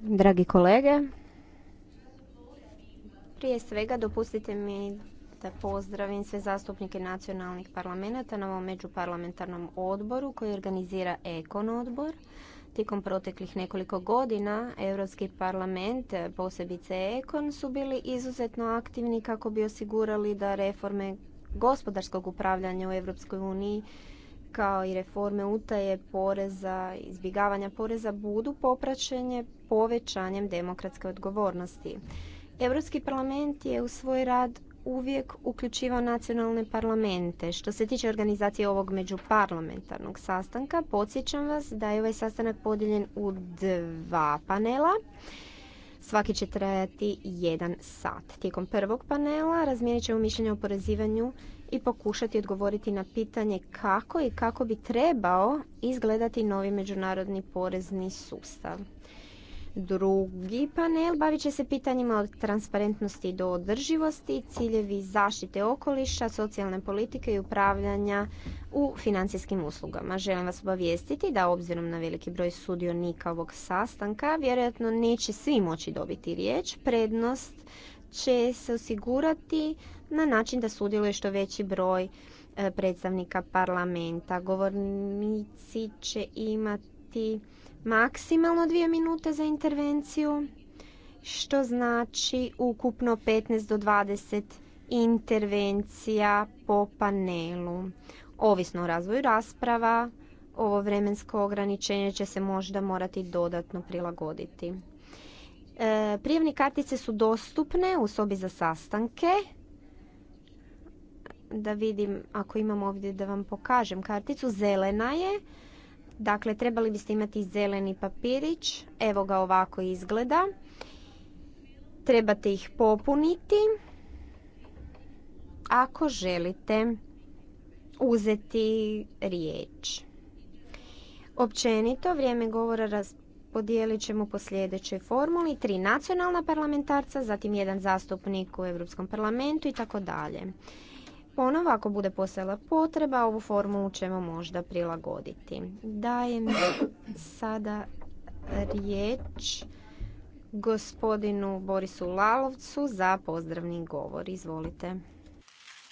Dragi kolege, prije svega dopustite mi da pozdravim sve zastupnike nacionalnih parlamenta na ovom međuparlamentarnom odboru koji organizira Ekon odbor. Tijekom proteklih nekoliko godina Europski parlament, posebice Ekon, su bili izuzetno aktivni kako bi osigurali da reforme gospodarskog upravljanja u Europskoj uniji kao i reforme utaje poreza, izbjegavanja poreza budu popraćenje povećanjem demokratske odgovornosti. Europski parlament je u svoj rad uvijek uključivao nacionalne parlamente. Što se tiče organizacije ovog međuparlamentarnog sastanka, podsjećam vas da je ovaj sastanak podijeljen u dva panela. Svaki će trajati jedan sat. Tijekom prvog panela razmijenit ćemo mišljenje o porezivanju i pokušati odgovoriti na pitanje kako i kako bi trebao izgledati novi međunarodni porezni sustav. Drugi panel bavit će se pitanjima od transparentnosti do održivosti, ciljevi zaštite okoliša, socijalne politike i upravljanja u financijskim uslugama. Želim vas obavijestiti da obzirom na veliki broj sudionika ovog sastanka, vjerojatno neće svi moći dobiti riječ. Prednost će se osigurati na način da sudjeluje što veći broj e, predstavnika parlamenta. Govornici će imati maksimalno dvije minute za intervenciju, što znači ukupno 15 do 20 intervencija po panelu. Ovisno o razvoju rasprava, ovo vremensko ograničenje će se možda morati dodatno prilagoditi. E, Prijevne kartice su dostupne u sobi za sastanke. Da vidim, ako imam ovdje da vam pokažem karticu, zelena je. Dakle, trebali biste imati zeleni papirić. Evo ga ovako izgleda. Trebate ih popuniti. Ako želite uzeti riječ. Općenito vrijeme govora podijelit ćemo po sljedećoj formuli. Tri nacionalna parlamentarca, zatim jedan zastupnik u Europskom parlamentu i tako dalje. Ponovo, ako bude postojala potreba, ovu formulu ćemo možda prilagoditi. Dajem sada riječ gospodinu Borisu Lalovcu za pozdravni govor. Izvolite.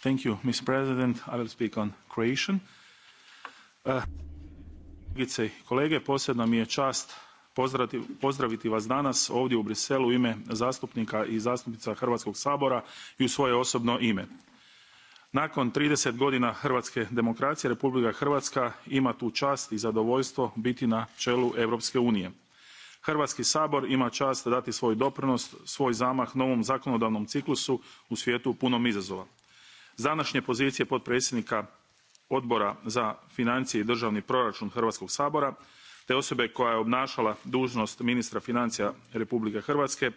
Thank you, President. I will speak on Croatian. Eh, kolege, posebno mi je čast pozdraviti vas danas ovdje u Briselu u ime zastupnika i zastupnica Hrvatskog sabora i u svoje osobno ime. Nakon 30 godina hrvatske demokracije Republika Hrvatska ima tu čast i zadovoljstvo biti na čelu Europske unije. Hrvatski sabor ima čast dati svoj doprinos, svoj zamah novom zakonodavnom ciklusu u svijetu punom izazova. Zanašnje današnje pozicije potpredsjednika Odbora za financije i državni proračun Hrvatskog sabora te osobe koja je obnašala dužnost ministra financija Republike Hrvatske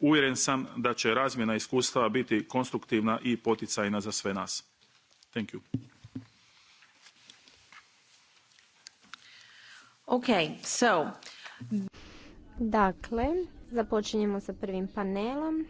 uvjeren sam da će razmjena iskustava biti konstruktivna i poticajna za sve nas. Thank you. Okay, so. Dakle, započinjemo sa prvim panelom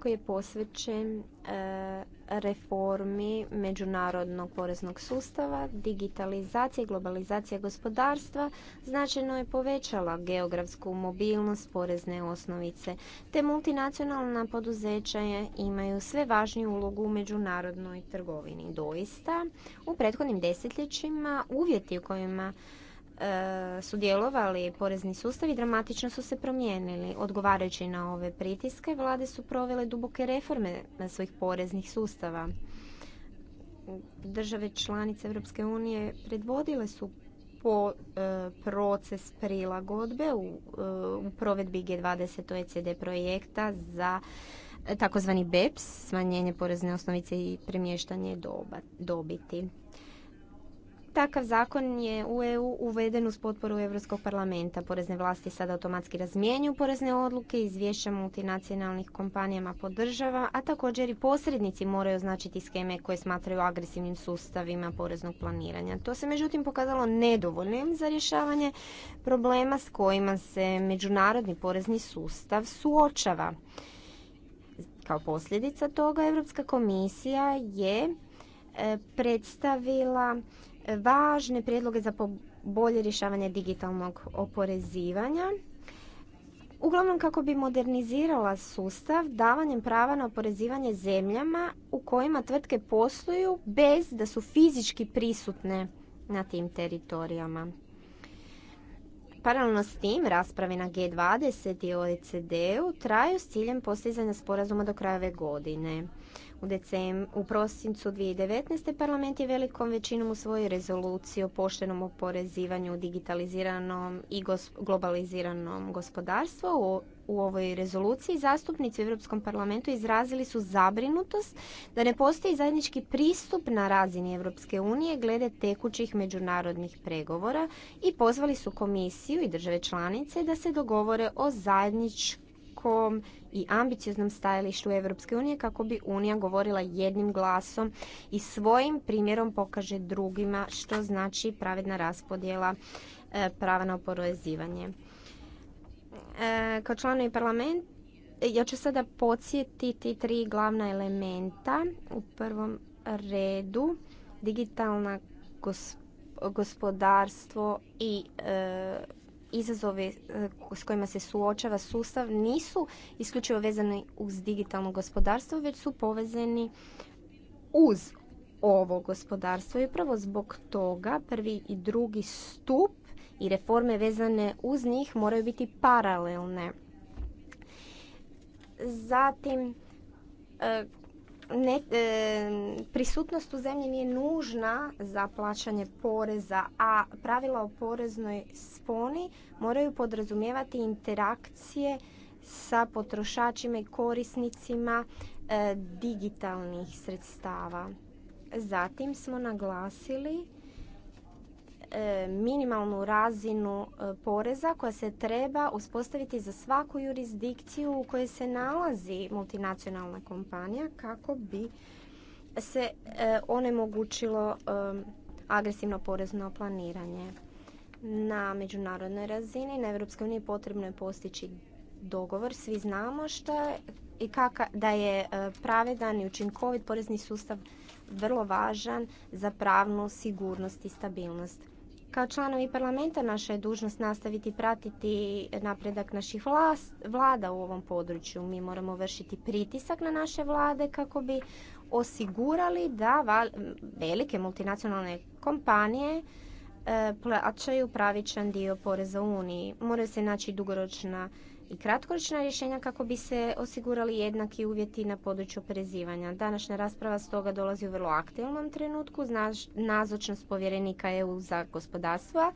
koji je posvećen eh, reformi međunarodnog poreznog sustava, digitalizacija i globalizacija gospodarstva značajno je povećala geografsku mobilnost porezne osnovice, te multinacionalna poduzeća imaju sve važniju ulogu u međunarodnoj trgovini. Doista, u prethodnim desetljećima uvjeti u kojima E, sudjelovali porezni sustavi dramatično su se promijenili. Odgovarajući na ove pritiske, vlade su provele duboke reforme na svojih poreznih sustava. Države članice Europske unije predvodile su po e, proces prilagodbe u, e, u provedbi G20 OECD projekta za takozvani BEPS, smanjenje porezne osnovice i premještanje dobiti. Takav zakon je u EU uveden uz potporu Europskog parlamenta. Porezne vlasti sada automatski razmijenju porezne odluke, izvješća multinacionalnih kompanijama podržava, a također i posrednici moraju označiti skeme koje smatraju agresivnim sustavima poreznog planiranja. To se međutim pokazalo nedovoljnim za rješavanje problema s kojima se međunarodni porezni sustav suočava. Kao posljedica toga Europska komisija je e, predstavila važne prijedloge za bolje rješavanje digitalnog oporezivanja. Uglavnom kako bi modernizirala sustav davanjem prava na oporezivanje zemljama u kojima tvrtke posluju bez da su fizički prisutne na tim teritorijama. Paralelno s tim, rasprave na G20 i OECD-u traju s ciljem postizanja sporazuma do kraja ove godine. U, decem, u prosincu 2019. parlament je velikom većinom usvojio rezoluciju o poštenom oporezivanju digitaliziranom i globaliziranom gospodarstvu. U, ovoj rezoluciji zastupnici u Europskom parlamentu izrazili su zabrinutost da ne postoji zajednički pristup na razini Europske unije glede tekućih međunarodnih pregovora i pozvali su komisiju i države članice da se dogovore o zajedničkom i ambicioznom stajalištu EU unije kako bi Unija govorila jednim glasom i svojim primjerom pokaže drugima što znači pravedna raspodjela e, prava na oporezivanje. E, kao članovi parlamenta ja ću sada podsjetiti tri glavna elementa. U prvom redu digitalna gospodarstvo i e, izazovi eh, s kojima se suočava sustav nisu isključivo vezani uz digitalno gospodarstvo, već su povezani uz ovo gospodarstvo i upravo zbog toga prvi i drugi stup i reforme vezane uz njih moraju biti paralelne. Zatim, eh, ne, e, prisutnost u zemlji nije nužna za plaćanje poreza, a pravila o poreznoj sponi moraju podrazumijevati interakcije sa potrošačima i korisnicima e, digitalnih sredstava. Zatim smo naglasili E, minimalnu razinu e, poreza koja se treba uspostaviti za svaku jurisdikciju u kojoj se nalazi multinacionalna kompanija kako bi se e, onemogućilo agresivno porezno planiranje. Na međunarodnoj razini, na EU uniji potrebno je postići dogovor. Svi znamo što je i kaka, da je pravedan i učinkovit porezni sustav vrlo važan za pravnu sigurnost i stabilnost. Kao članovi parlamenta naša je dužnost nastaviti pratiti napredak naših vlast, vlada u ovom području. Mi moramo vršiti pritisak na naše vlade kako bi osigurali da velike multinacionalne kompanije e, plaćaju pravičan dio poreza u Uniji. Moraju se naći dugoročna i kratkoročna rješenja kako bi se osigurali jednaki uvjeti na području oporezivanja. Današnja rasprava stoga dolazi u vrlo aktivnom trenutku. Nazočnost povjerenika EU za gospodarstva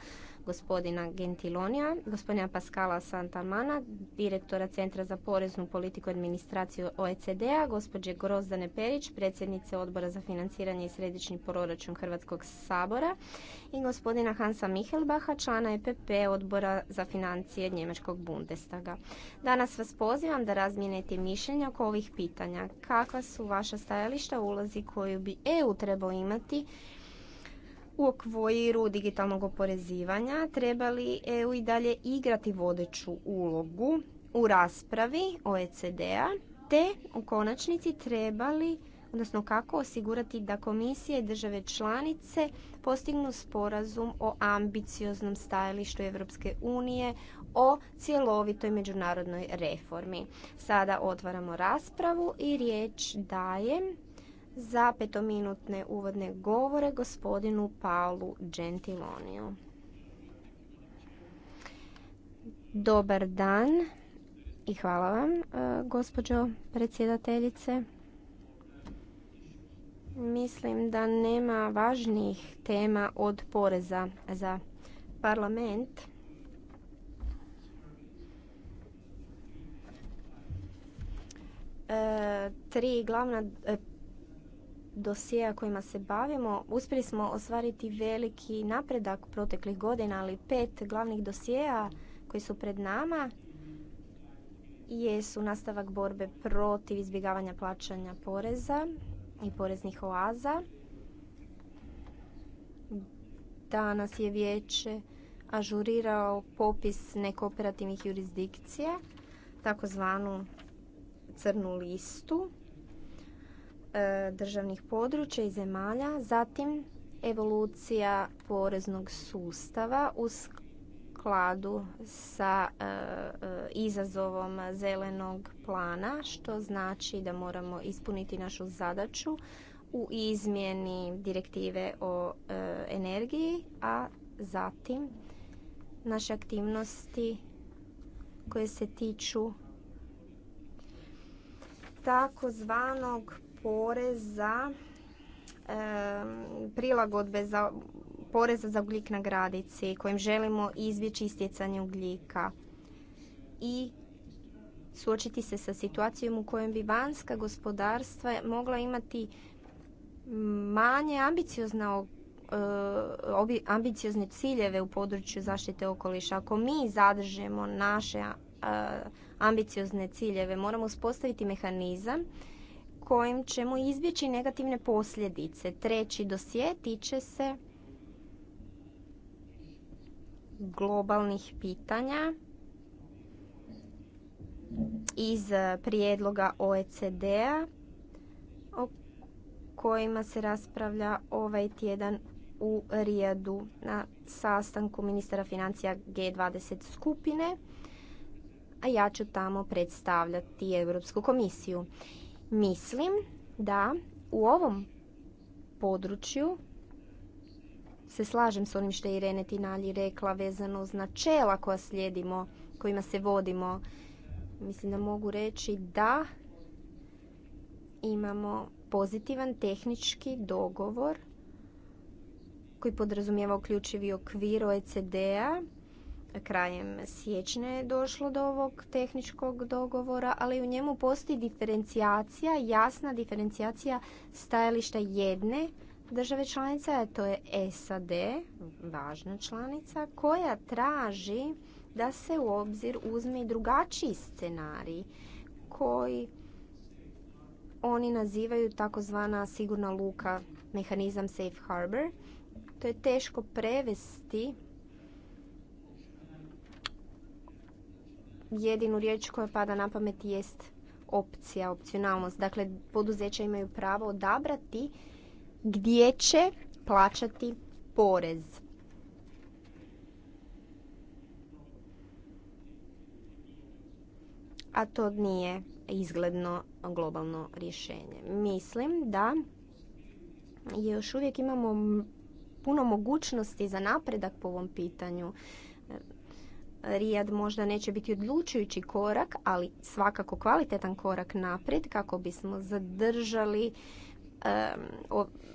gospodina Gentilonija, gospodina Pascala Santamana, direktora Centra za poreznu politiku i administraciju OECD-a, gospođe Grozdane Perić, predsjednice Odbora za financiranje i središnji proračun Hrvatskog sabora i gospodina Hansa Mihelbaha, člana EPP Odbora za financije Njemačkog Bundestaga. Danas vas pozivam da razmijenite mišljenja oko ovih pitanja. Kakva su vaša stajališta u ulozi koju bi EU trebao imati u okviru digitalnog oporezivanja trebali li EU i dalje igrati vodeću ulogu u raspravi OECD-a te u konačnici trebali, odnosno kako osigurati da komisije i države članice postignu sporazum o ambicioznom stajalištu Europske unije o cjelovitoj međunarodnoj reformi. Sada otvaramo raspravu i riječ dajem za petominutne uvodne govore gospodinu Paulu Gentiloniju. Dobar dan i hvala vam, e, gospođo predsjedateljice. Mislim da nema važnijih tema od poreza za parlament. E, tri glavna, e, dosjeja kojima se bavimo uspjeli smo ostvariti veliki napredak proteklih godina, ali pet glavnih dosjeja koji su pred nama jesu nastavak borbe protiv izbjegavanja plaćanja poreza i poreznih oaza. Danas je vijeće ažurirao popis nekooperativnih jurisdikcija, takozvanu crnu listu E, državnih područja i zemalja, zatim evolucija poreznog sustava u skladu sa e, e, izazovom zelenog plana, što znači da moramo ispuniti našu zadaću u izmjeni direktive o energiji, a zatim naše aktivnosti koje se tiču takozvanog poreza, prilagodbe za poreza za ugljik na gradici kojim želimo izbjeći istjecanje ugljika i suočiti se sa situacijom u kojem bi vanjska gospodarstva mogla imati manje ambiciozna e, ambiciozne ciljeve u području zaštite okoliša. Ako mi zadržemo naše ambiciozne ciljeve, moramo uspostaviti mehanizam kojim ćemo izbjeći negativne posljedice. Treći dosje tiče se globalnih pitanja iz prijedloga OECD-a o kojima se raspravlja ovaj tjedan u Rijadu na sastanku ministara financija G20 skupine, a ja ću tamo predstavljati Europsku komisiju mislim da u ovom području se slažem s onim što je Irene Tinalji rekla vezano uz načela koja slijedimo, kojima se vodimo. Mislim da mogu reći da imamo pozitivan tehnički dogovor koji podrazumijeva uključivi okvir OECD-a krajem siječnja je došlo do ovog tehničkog dogovora, ali u njemu postoji diferencijacija, jasna diferencijacija stajališta jedne države članice, a to je SAD, važna članica, koja traži da se u obzir uzme i drugačiji scenarij koji oni nazivaju takozvana sigurna luka, mehanizam safe harbor. To je teško prevesti jedinu riječ koja pada na pamet jest opcija, opcionalnost. Dakle, poduzeća imaju pravo odabrati gdje će plaćati porez. A to nije izgledno globalno rješenje. Mislim da još uvijek imamo puno mogućnosti za napredak po ovom pitanju. Rijad možda neće biti odlučujući korak, ali svakako kvalitetan korak naprijed kako bismo zadržali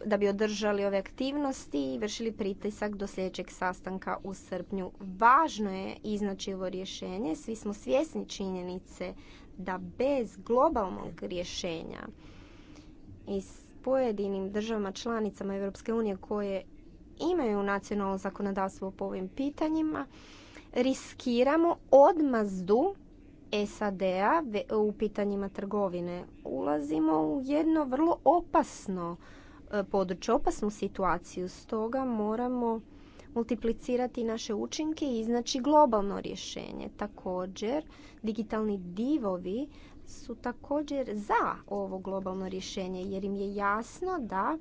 da bi održali ove aktivnosti i vršili pritisak do sljedećeg sastanka u srpnju. Važno je iznaći ovo rješenje. Svi smo svjesni činjenice da bez globalnog rješenja i s pojedinim državama članicama EU koje imaju nacionalno zakonodavstvo po ovim pitanjima, riskiramo odmazdu SAD-a u pitanjima trgovine. Ulazimo u jedno vrlo opasno e, područje, opasnu situaciju. Stoga moramo multiplicirati naše učinke i iznaći globalno rješenje. Također, digitalni divovi su također za ovo globalno rješenje jer im je jasno da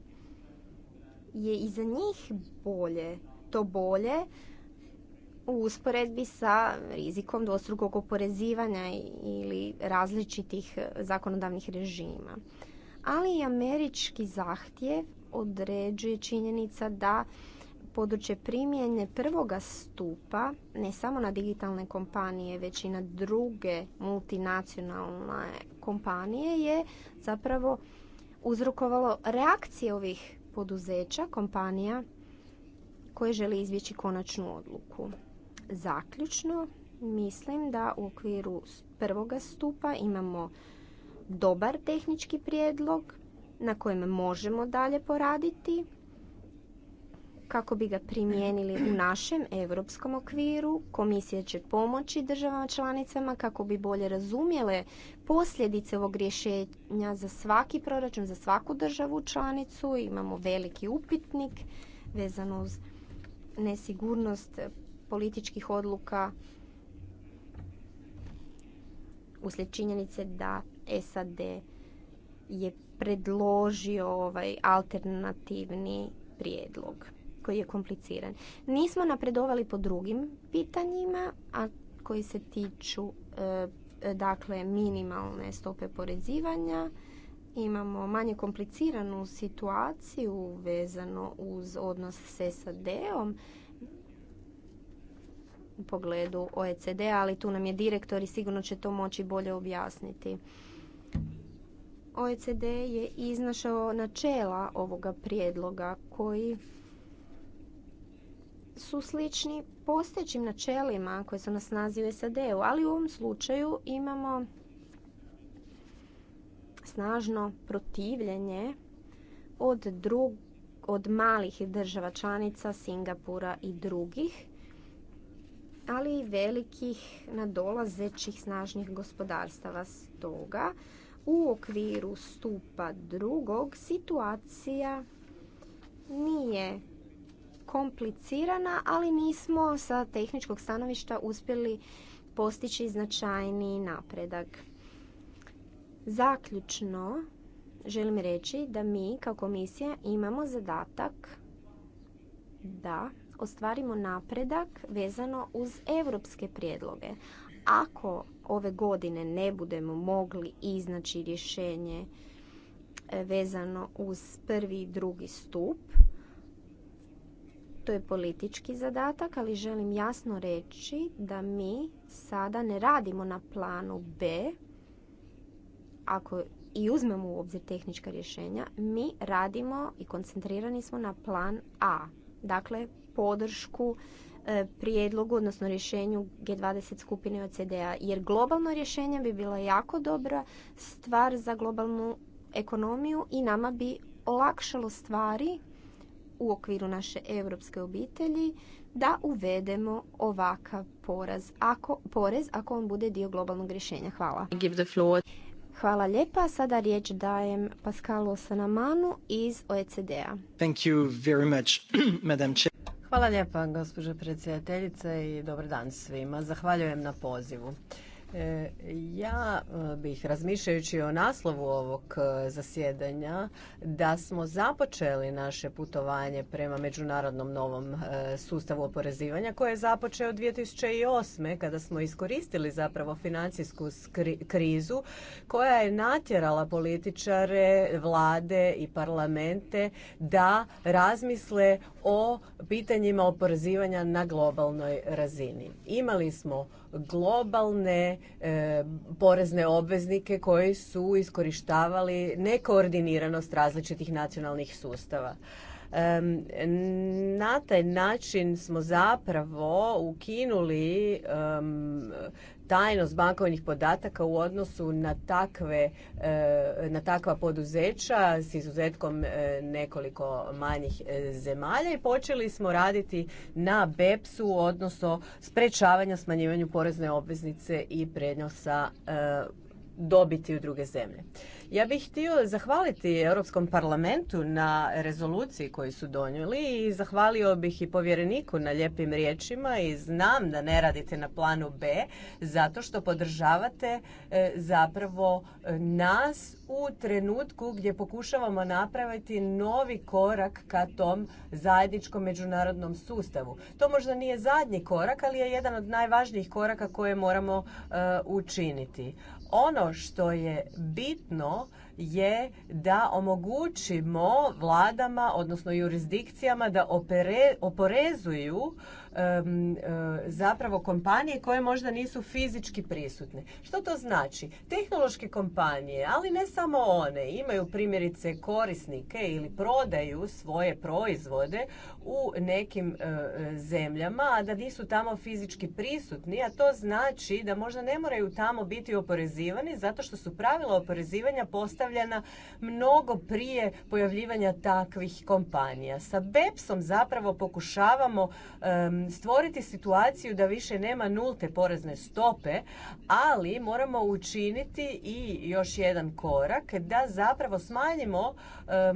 je i za njih bolje to bolje u usporedbi sa rizikom dvostrukog oporezivanja ili različitih e, zakonodavnih režima. Ali i američki zahtjev određuje činjenica da područje primjene prvoga stupa ne samo na digitalne kompanije već i na druge multinacionalne kompanije je zapravo uzrokovalo reakcije ovih poduzeća, kompanija koje žele izbjeći konačnu odluku. Zaključno, mislim da u okviru prvoga stupa imamo dobar tehnički prijedlog na kojem možemo dalje poraditi kako bi ga primijenili u našem europskom okviru. Komisija će pomoći državama članicama kako bi bolje razumjele posljedice ovog rješenja za svaki proračun, za svaku državu članicu. Imamo veliki upitnik vezano uz nesigurnost političkih odluka uslijed činjenice da SAD je predložio ovaj alternativni prijedlog koji je kompliciran. Nismo napredovali po drugim pitanjima, a koji se tiču e, dakle minimalne stope porezivanja. Imamo manje kompliciranu situaciju vezano uz odnos s SAD-om u pogledu oecd ali tu nam je direktor i sigurno će to moći bolje objasniti. OECD je iznašao načela ovoga prijedloga koji su slični postojećim načelima koje su nas snazi SAD-u, ali u ovom slučaju imamo snažno protivljenje od, od malih država članica, Singapura i drugih ali i velikih nadolazećih snažnih gospodarstava. Stoga, u okviru stupa drugog situacija nije komplicirana, ali nismo sa tehničkog stanovišta uspjeli postići značajni napredak. Zaključno želim reći da mi kao komisija imamo zadatak da ostvarimo napredak vezano uz europske prijedloge. Ako ove godine ne budemo mogli iznaći rješenje e, vezano uz prvi i drugi stup, to je politički zadatak, ali želim jasno reći da mi sada ne radimo na planu B, ako i uzmemo u obzir tehnička rješenja, mi radimo i koncentrirani smo na plan A. Dakle, podršku e, prijedlogu, odnosno rješenju G20 skupine OCD-a. Jer globalno rješenje bi bila jako dobra stvar za globalnu ekonomiju i nama bi olakšalo stvari u okviru naše europske obitelji da uvedemo ovakav poraz, ako, porez ako on bude dio globalnog rješenja. Hvala. Hvala lijepa. Sada riječ dajem Pascalu Sanamanu iz OECD-a. Thank you Hvala lijepa gospođo predsjedateljice i dobar dan svima. Zahvaljujem na pozivu. E, ja e, bih razmišljajući o naslovu ovog e, zasjedanja da smo započeli naše putovanje prema međunarodnom novom sustavu oporezivanja koje je započeo 2008. kada smo iskoristili zapravo financijsku krizu koja je natjerala političare, vlade i parlamente da razmisle o pitanjima oporezivanja na globalnoj razini. Imali smo globalne e, porezne obveznike koji su iskorištavali nekoordiniranost različitih nacionalnih sustava. Na taj način smo zapravo ukinuli tajnost bankovnih podataka u odnosu na takve, eh, na takva poduzeća s izuzetkom eh, nekoliko manjih eh, zemalja i počeli smo raditi na BEPS-u, odnosno sprečavanja smanjivanju porezne obveznice i prenosa dobiti u druge zemlje. Ja bih htio zahvaliti Europskom parlamentu na rezoluciji koju su donijeli i zahvalio bih i povjereniku na lijepim riječima i znam da ne radite na planu B zato što podržavate e, zapravo e, nas u trenutku gdje pokušavamo napraviti novi korak ka tom zajedničkom međunarodnom sustavu. To možda nije zadnji korak, ali je jedan od najvažnijih koraka koje moramo e, učiniti. Ono što je bitno je da omogućimo vladama, odnosno jurisdikcijama da opere, oporezuju zapravo kompanije koje možda nisu fizički prisutne. Što to znači? Tehnološke kompanije, ali ne samo one, imaju primjerice korisnike ili prodaju svoje proizvode u nekim zemljama, a da nisu tamo fizički prisutni, a to znači da možda ne moraju tamo biti oporezivani zato što su pravila oporezivanja postavljena mnogo prije pojavljivanja takvih kompanija. Sa BEPS-om zapravo pokušavamo stvoriti situaciju da više nema nulte porezne stope, ali moramo učiniti i još jedan korak da zapravo smanjimo eh,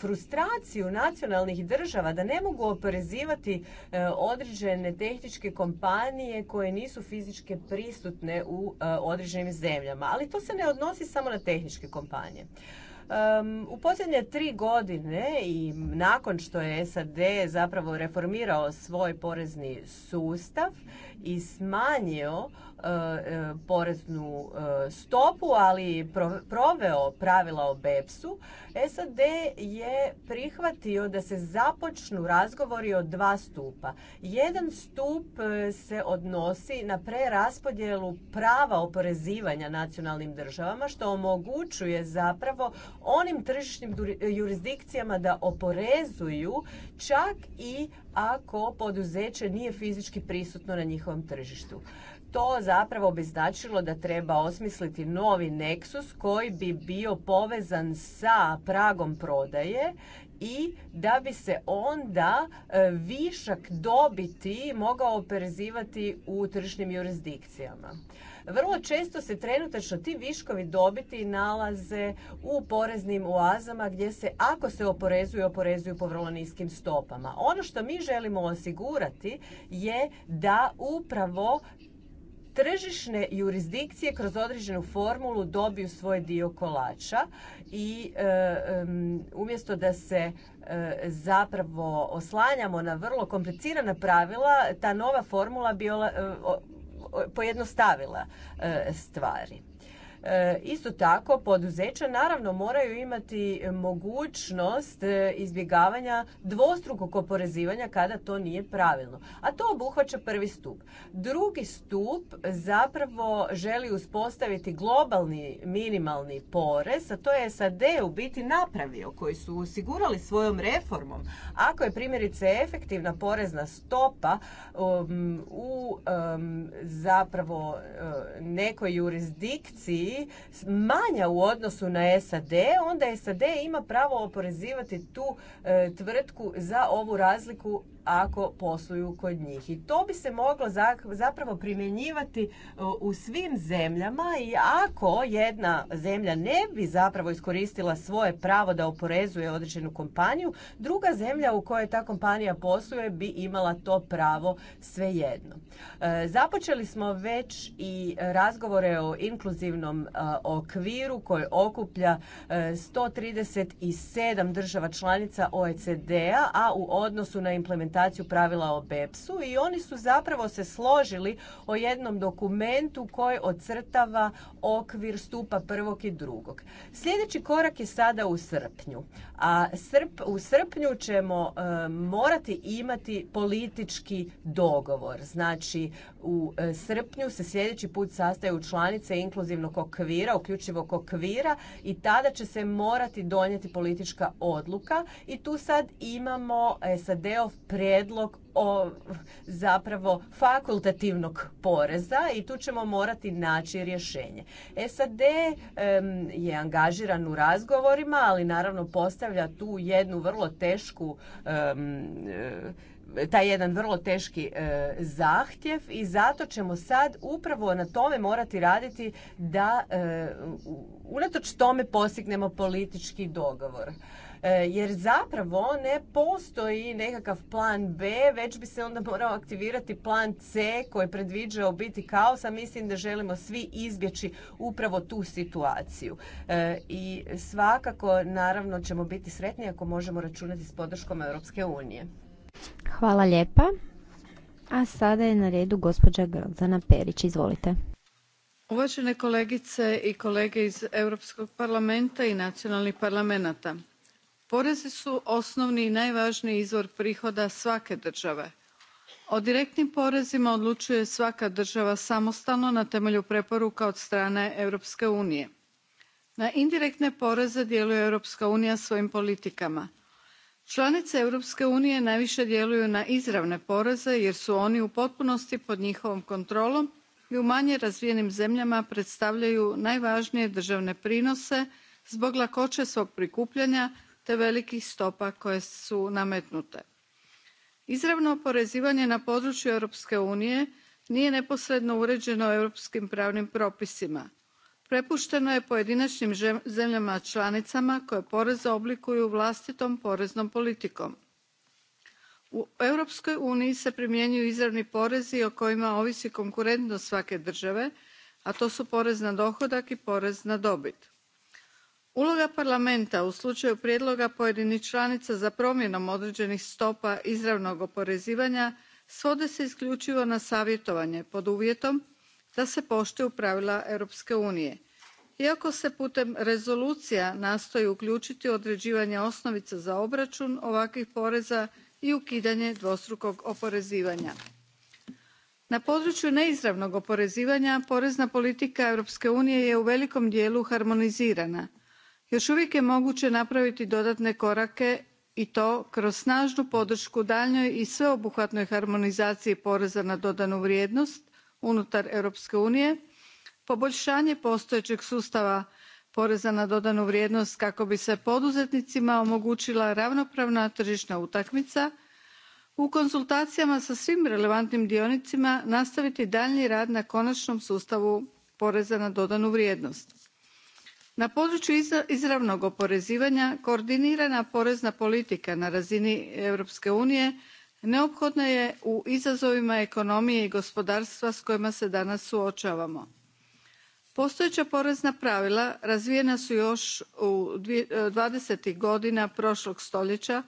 frustraciju nacionalnih država da ne mogu oporezivati eh, određene tehničke kompanije koje nisu fizičke prisutne u eh, određenim zemljama. Ali to se ne odnosi samo na tehničke kompanije. Um, u posljednje tri godine i nakon što je SAD zapravo reformirao svoj porezni sustav i smanjio E, e, poreznu e, stopu, ali proveo pravila o BEPS-u, SAD je prihvatio da se započnu razgovori o dva stupa. Jedan stup se odnosi na preraspodjelu prava oporezivanja nacionalnim državama, što omogućuje zapravo onim tržišnim jurisdikcijama da oporezuju čak i ako poduzeće nije fizički prisutno na njihovom tržištu to zapravo bi značilo da treba osmisliti novi Nexus koji bi bio povezan sa pragom prodaje i da bi se onda e, višak dobiti mogao oporezivati u tržišnim jurisdikcijama. Vrlo često se trenutačno ti viškovi dobiti nalaze u poreznim oazama gdje se ako se oporezuju, oporezuju po vrlo niskim stopama. Ono što mi želimo osigurati je da upravo tržišne jurisdikcije kroz određenu formulu dobiju svoj dio kolača i e, umjesto da se e, zapravo oslanjamo na vrlo komplicirana pravila, ta nova formula bi e, pojednostavila stvari. E, isto tako, poduzeća naravno moraju imati mogućnost e, izbjegavanja dvostrukog oporezivanja kada to nije pravilno. A to obuhvaća prvi stup. Drugi stup zapravo želi uspostaviti globalni minimalni porez, a to je SAD u biti napravio, koji su osigurali svojom reformom. Ako je primjerice efektivna porezna stopa um, u um, zapravo e, nekoj jurisdikciji manja u odnosu na SAD, onda SAD ima pravo oporezivati tu e, tvrtku za ovu razliku ako posluju kod njih. I to bi se moglo zapravo primjenjivati e, u svim zemljama i ako jedna zemlja ne bi zapravo iskoristila svoje pravo da oporezuje određenu kompaniju, druga zemlja u kojoj ta kompanija posluje bi imala to pravo svejedno. E, započeli smo već i razgovore o inkluzivnom e, okviru koji okuplja 137 država članica OECD-a, a u odnosu na implementaciju implementaciju pravila o BEPS-u i oni su zapravo se složili o jednom dokumentu koji ocrtava okvir stupa prvog i drugog. Sljedeći korak je sada u srpnju, a srp, u srpnju ćemo e, morati imati politički dogovor. Znači, u e, srpnju se sljedeći put sastaju članice inkluzivnog okvira, uključivog okvira i tada će se morati donijeti politička odluka i tu sad imamo SAD-ov pre prijedlog o zapravo fakultativnog poreza i tu ćemo morati naći rješenje. SAD je angažiran u razgovorima, ali naravno postavlja tu jednu vrlo tešku e, taj jedan vrlo teški e, zahtjev i zato ćemo sad upravo na tome morati raditi da e, unatoč tome postignemo politički dogovor. E, jer zapravo ne postoji nekakav plan B, već bi se onda morao aktivirati plan C koji predviđa biti a Mislim da želimo svi izbjeći upravo tu situaciju. E, I svakako, naravno, ćemo biti sretni ako možemo računati s podrškom Europske unije. Hvala lijepa. A sada je na redu gospođa grozana Perić. Izvolite. Uvažene kolegice i kolege iz Europskog parlamenta i nacionalnih parlamenta porezi su osnovni i najvažniji izvor prihoda svake države. o direktnim porezima odlučuje svaka država samostalno na temelju preporuka od strane europske unije. na indirektne poreze djeluje europska unija svojim politikama. članice europske unije najviše djeluju na izravne poreze jer su oni u potpunosti pod njihovom kontrolom i u manje razvijenim zemljama predstavljaju najvažnije državne prinose zbog lakoće svog prikupljanja te velikih stopa koje su nametnute. Izravno oporezivanje na području Europske unije nije neposredno uređeno europskim pravnim propisima. Prepušteno je pojedinačnim zemljama članicama koje poreze oblikuju vlastitom poreznom politikom. U Europskoj uniji se primjenjuju izravni porezi o kojima ovisi konkurentnost svake države, a to su porez na dohodak i porez na dobit uloga parlamenta u slučaju prijedloga pojedinih članica za promjenom određenih stopa izravnog oporezivanja svode se isključivo na savjetovanje pod uvjetom da se poštuju pravila europske unije. iako se putem rezolucija nastoji uključiti određivanje osnovica za obračun ovakvih poreza i ukidanje dvostrukog oporezivanja. na području neizravnog oporezivanja porezna politika europske unije je u velikom dijelu harmonizirana još uvijek je moguće napraviti dodatne korake i to kroz snažnu podršku daljnjoj i sveobuhvatnoj harmonizaciji poreza na dodanu vrijednost unutar europske unije poboljšanje postojećeg sustava poreza na dodanu vrijednost kako bi se poduzetnicima omogućila ravnopravna tržišna utakmica u konzultacijama sa svim relevantnim dionicima nastaviti daljnji rad na konačnom sustavu poreza na dodanu vrijednost na području izravnog oporezivanja koordinirana porezna politika na razini europske unije neophodna je u izazovima ekonomije i gospodarstva s kojima se danas suočavamo. postojeća porezna pravila razvijena su još u dvadesetih godina prošlog stoljeća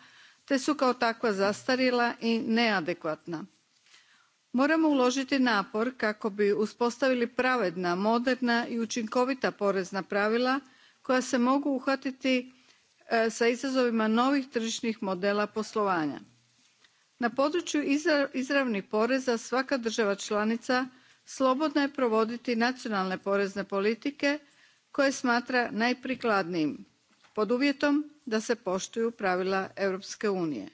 te su kao takva zastarjela i neadekvatna moramo uložiti napor kako bi uspostavili pravedna moderna i učinkovita porezna pravila koja se mogu uhvatiti e, sa izazovima novih tržišnih modela poslovanja. na području izravnih poreza svaka država članica slobodna je provoditi nacionalne porezne politike koje smatra najprikladnijim pod uvjetom da se poštuju pravila europske unije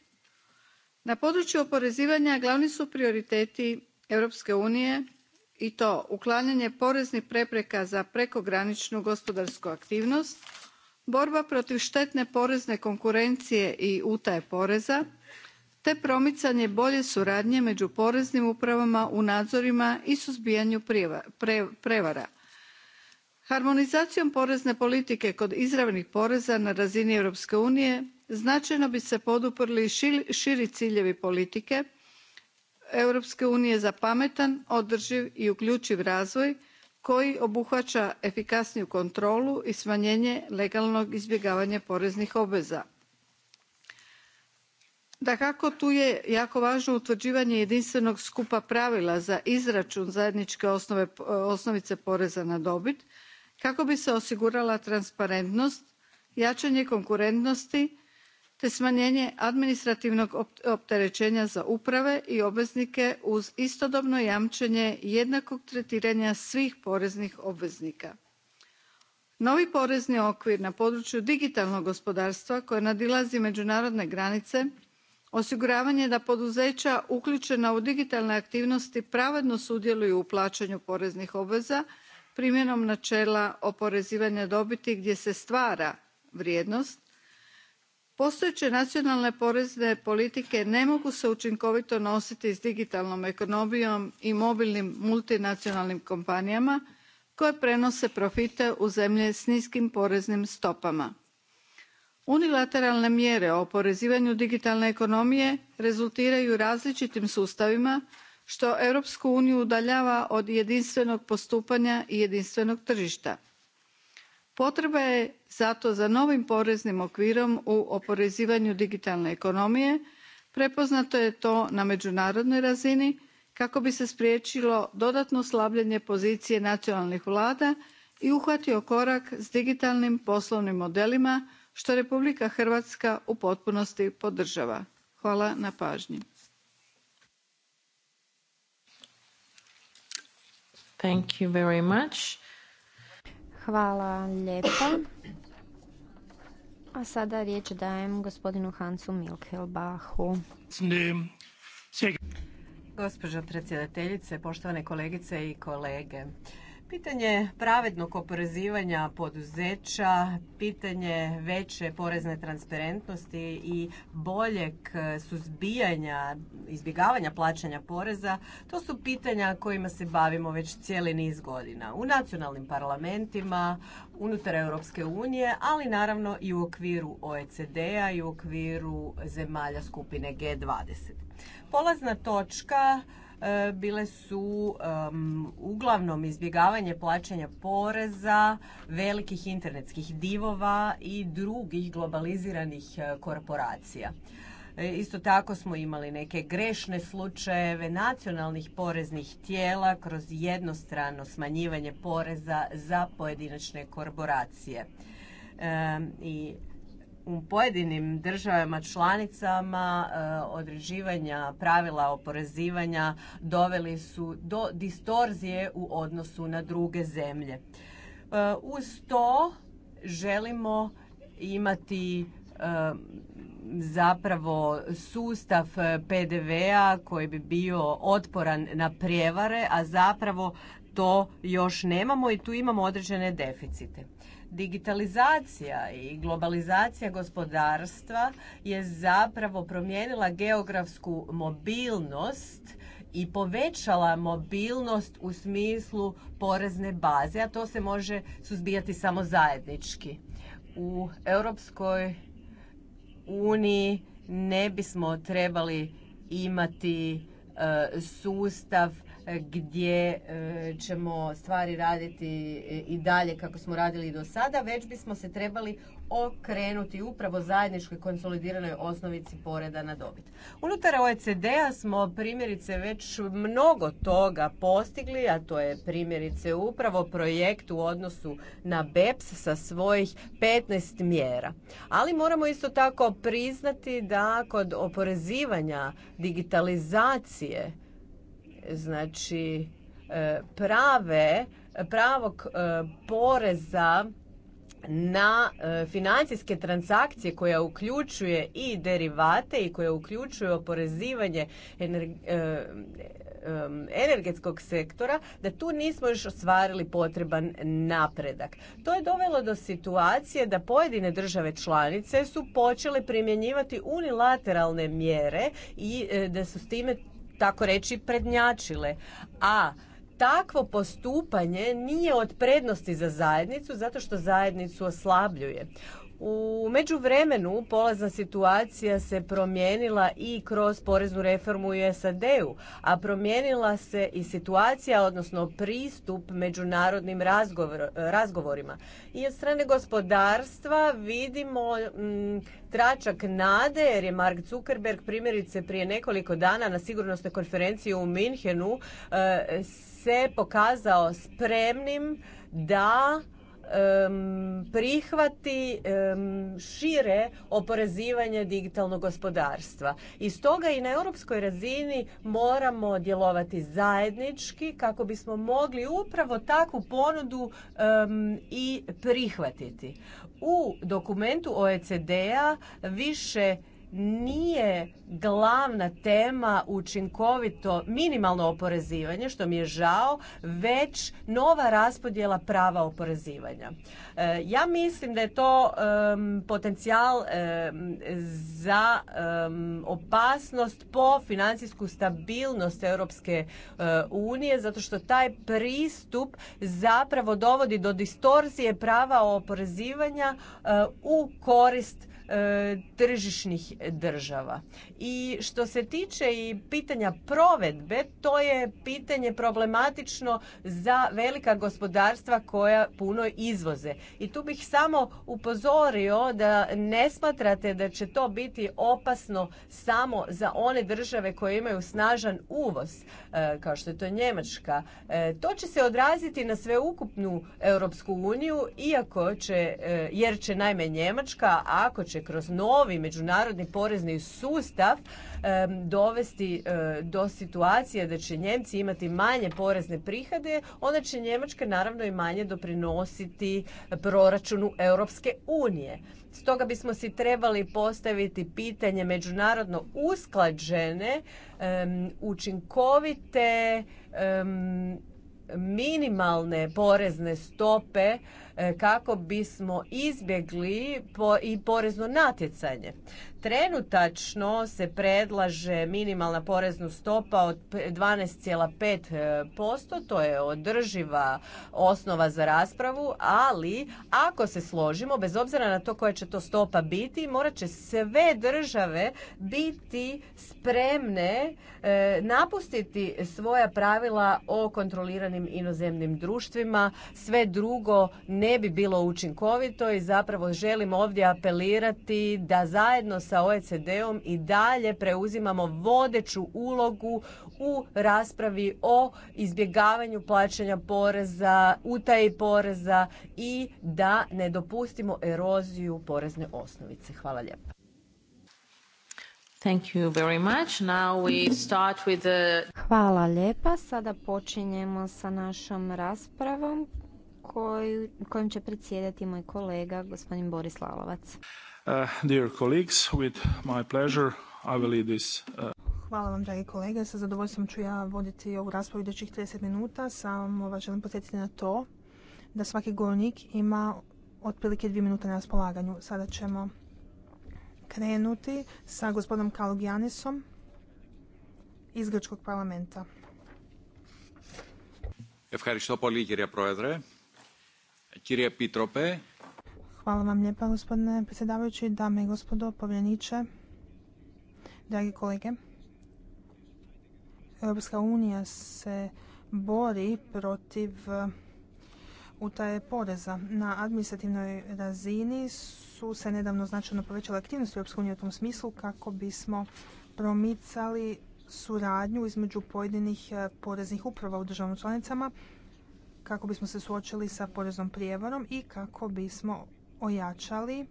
na području oporezivanja glavni su prioriteti europske unije i to uklanjanje poreznih prepreka za prekograničnu gospodarsku aktivnost borba protiv štetne porezne konkurencije i utaje poreza te promicanje bolje suradnje među poreznim upravama u nadzorima i suzbijanju prevara. harmonizacijom porezne politike kod izravnih poreza na razini europske unije značajno bi se poduprli širi ciljevi politike europske unije za pametan održiv i uključiv razvoj koji obuhvaća efikasniju kontrolu i smanjenje legalnog izbjegavanja poreznih obveza. dakako tu je jako važno utvrđivanje jedinstvenog skupa pravila za izračun zajedničke osnovice poreza na dobit kako bi se osigurala transparentnost jačanje konkurentnosti te smanjenje administrativnog opterećenja za uprave i obveznike uz istodobno jamčenje jednakog tretiranja svih poreznih obveznika. Novi porezni okvir na području digitalnog gospodarstva koje nadilazi međunarodne granice, osiguravanje da poduzeća uključena u digitalne aktivnosti pravedno sudjeluju u plaćanju poreznih obveza primjenom načela oporezivanja dobiti gdje se stvara vrijednost Postojeće nacionalne porezne politike ne mogu se učinkovito nositi s digitalnom ekonomijom i mobilnim multinacionalnim kompanijama koje prenose profite u zemlje s niskim poreznim stopama. Unilateralne mjere o oporezivanju digitalne ekonomije rezultiraju različitim sustavima što Europsku uniju udaljava od jedinstvenog postupanja i jedinstvenog tržišta. Potreba je zato za novim poreznim okvirom u oporezivanju digitalne ekonomije prepoznato je to na međunarodnoj razini kako bi se spriječilo dodatno slabljenje pozicije nacionalnih vlada i uhvatio korak s digitalnim poslovnim modelima što republika hrvatska u potpunosti podržava. hvala na pažnji. Hvala a sada riječ dajem gospodinu Hansu Milkelbahu. Gospođo predsjedateljice, poštovane kolegice i kolege. Pitanje pravednog oporezivanja poduzeća, pitanje veće porezne transparentnosti i boljeg e, suzbijanja, izbjegavanja plaćanja poreza, to su pitanja kojima se bavimo već cijeli niz godina. U nacionalnim parlamentima, unutar Europske unije, ali naravno i u okviru OECD-a i u okviru zemalja skupine G20. Polazna točka E, bile su uglavnom izbjegavanje plaćanja poreza, velikih internetskih divova i drugih globaliziranih e, korporacija. E, isto tako smo imali neke grešne slučajeve nacionalnih poreznih tijela kroz jednostrano smanjivanje poreza za pojedinačne korporacije. I u pojedinim državama članicama e, određivanja pravila oporezivanja doveli su do distorzije u odnosu na druge zemlje. E, uz to želimo imati e, zapravo sustav PDV-a koji bi bio otporan na prijevare, a zapravo to još nemamo i tu imamo određene deficite. Digitalizacija i globalizacija gospodarstva je zapravo promijenila geografsku mobilnost i povećala mobilnost u smislu porezne baze, a to se može suzbijati samo zajednički. U Europskoj uniji ne bismo trebali imati e, sustav gdje e, ćemo stvari raditi e, i dalje kako smo radili i do sada, već bismo se trebali okrenuti upravo zajedničkoj konsolidiranoj osnovici poreda na dobit. Unutar OECD-a smo primjerice već mnogo toga postigli, a to je primjerice upravo projekt u odnosu na BEPS sa svojih 15 mjera. Ali moramo isto tako priznati da kod oporezivanja digitalizacije znači e, prave pravog e, poreza na e, financijske transakcije koja uključuje i derivate i koja uključuje oporezivanje energetskog sektora da tu nismo još ostvarili potreban napredak. To je dovelo do situacije da pojedine države članice su počele primjenjivati unilateralne mjere i da su s time tako reći prednjačile. A takvo postupanje nije od prednosti za zajednicu zato što zajednicu oslabljuje. U međuvremenu polazna situacija se promijenila i kroz poreznu reformu u SAD-u, a promijenila se i situacija, odnosno pristup međunarodnim razgovorima. I od strane gospodarstva vidimo mm, tračak nade, jer je Mark Zuckerberg primjerice prije nekoliko dana na sigurnosnoj konferenciji u Minhenu e, se pokazao spremnim da prihvati šire oporezivanje digitalnog gospodarstva. I stoga i na europskoj razini moramo djelovati zajednički kako bismo mogli upravo takvu ponudu i prihvatiti. U dokumentu OECD-a više nije glavna tema učinkovito minimalno oporezivanje, što mi je žao, već nova raspodjela prava oporezivanja. E, ja mislim da je to potencijal za opasnost po financijsku stabilnost Europske e, unije, zato što taj pristup zapravo dovodi do distorzije prava oporezivanja e, u korist E, tržišnih država. I što se tiče i pitanja provedbe, to je pitanje problematično za velika gospodarstva koja puno izvoze. I tu bih samo upozorio da ne smatrate da će to biti opasno samo za one države koje imaju snažan uvoz, e, kao što je to Njemačka. E, to će se odraziti na sveukupnu Europsku uniju, iako će, jer će najme Njemačka, ako će će kroz novi međunarodni porezni sustav dovesti e, do situacije da će Njemci imati manje porezne prihode, onda će Njemačka naravno i manje doprinositi proračunu Europske unije. Stoga bismo si trebali postaviti pitanje međunarodno usklađene, učinkovite minimalne porezne stope E, kako bismo izbjegli i porezno natjecanje. Trenutačno se predlaže minimalna porezna stopa od 12,5%, to je održiva osnova za raspravu, ali ako se složimo, bez obzira na to koja će to stopa biti, morat će sve države biti spremne e, napustiti svoja pravila o kontroliranim inozemnim društvima, sve drugo ne ne bi bilo učinkovito i zapravo želim ovdje apelirati da zajedno sa OECD-om i dalje preuzimamo vodeću ulogu u raspravi o izbjegavanju plaćanja poreza, utaji poreza i da ne dopustimo eroziju porezne osnovice. Hvala lijepa. Thank you very much. Now we start with Hvala lijepa. Sada počinjemo sa našom raspravom kojim će predsjedati moj kolega gospodin Boris Lalovac. Hvala vam, dragi kolege. Sa zadovoljstvom ću ja voditi ovu raspravu idućih 30 minuta. Samo vas želim podsjetiti na to da svaki govornik ima otprilike dvije minute na raspolaganju. Sada ćemo krenuti sa gospodinom Kalogijanisom iz Grčkog parlamenta. Ευχαριστώ πολύ, Πρόεδρε. Hvala vam lijepa gospodine predsjedavajući, dame i gospodo, povjereniče, dragi kolege. Europska unija se bori protiv uh, utaje poreza. Na administrativnoj razini su se nedavno značajno povećale aktivnosti Europske unije u tom smislu kako bismo promicali suradnju između pojedinih uh, poreznih uprava u državama članicama kako bismo se suočili sa poreznom prijevorom i kako bismo ojačali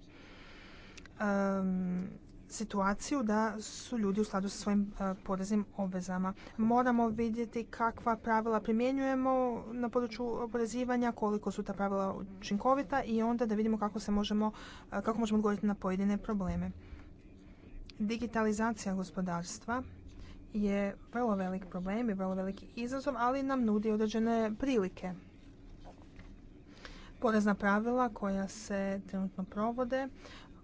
situaciju da su ljudi u skladu sa svojim eh, poreznim obvezama. Moramo vidjeti kakva pravila primjenjujemo na području oporezivanja, koliko su ta pravila učinkovita i onda da vidimo kako se možemo, eh, kako možemo odgovoriti na pojedine probleme. Digitalizacija gospodarstva je vrlo velik problem i vrlo veliki izazov, ali nam nudi određene prilike. Porezna pravila koja se trenutno provode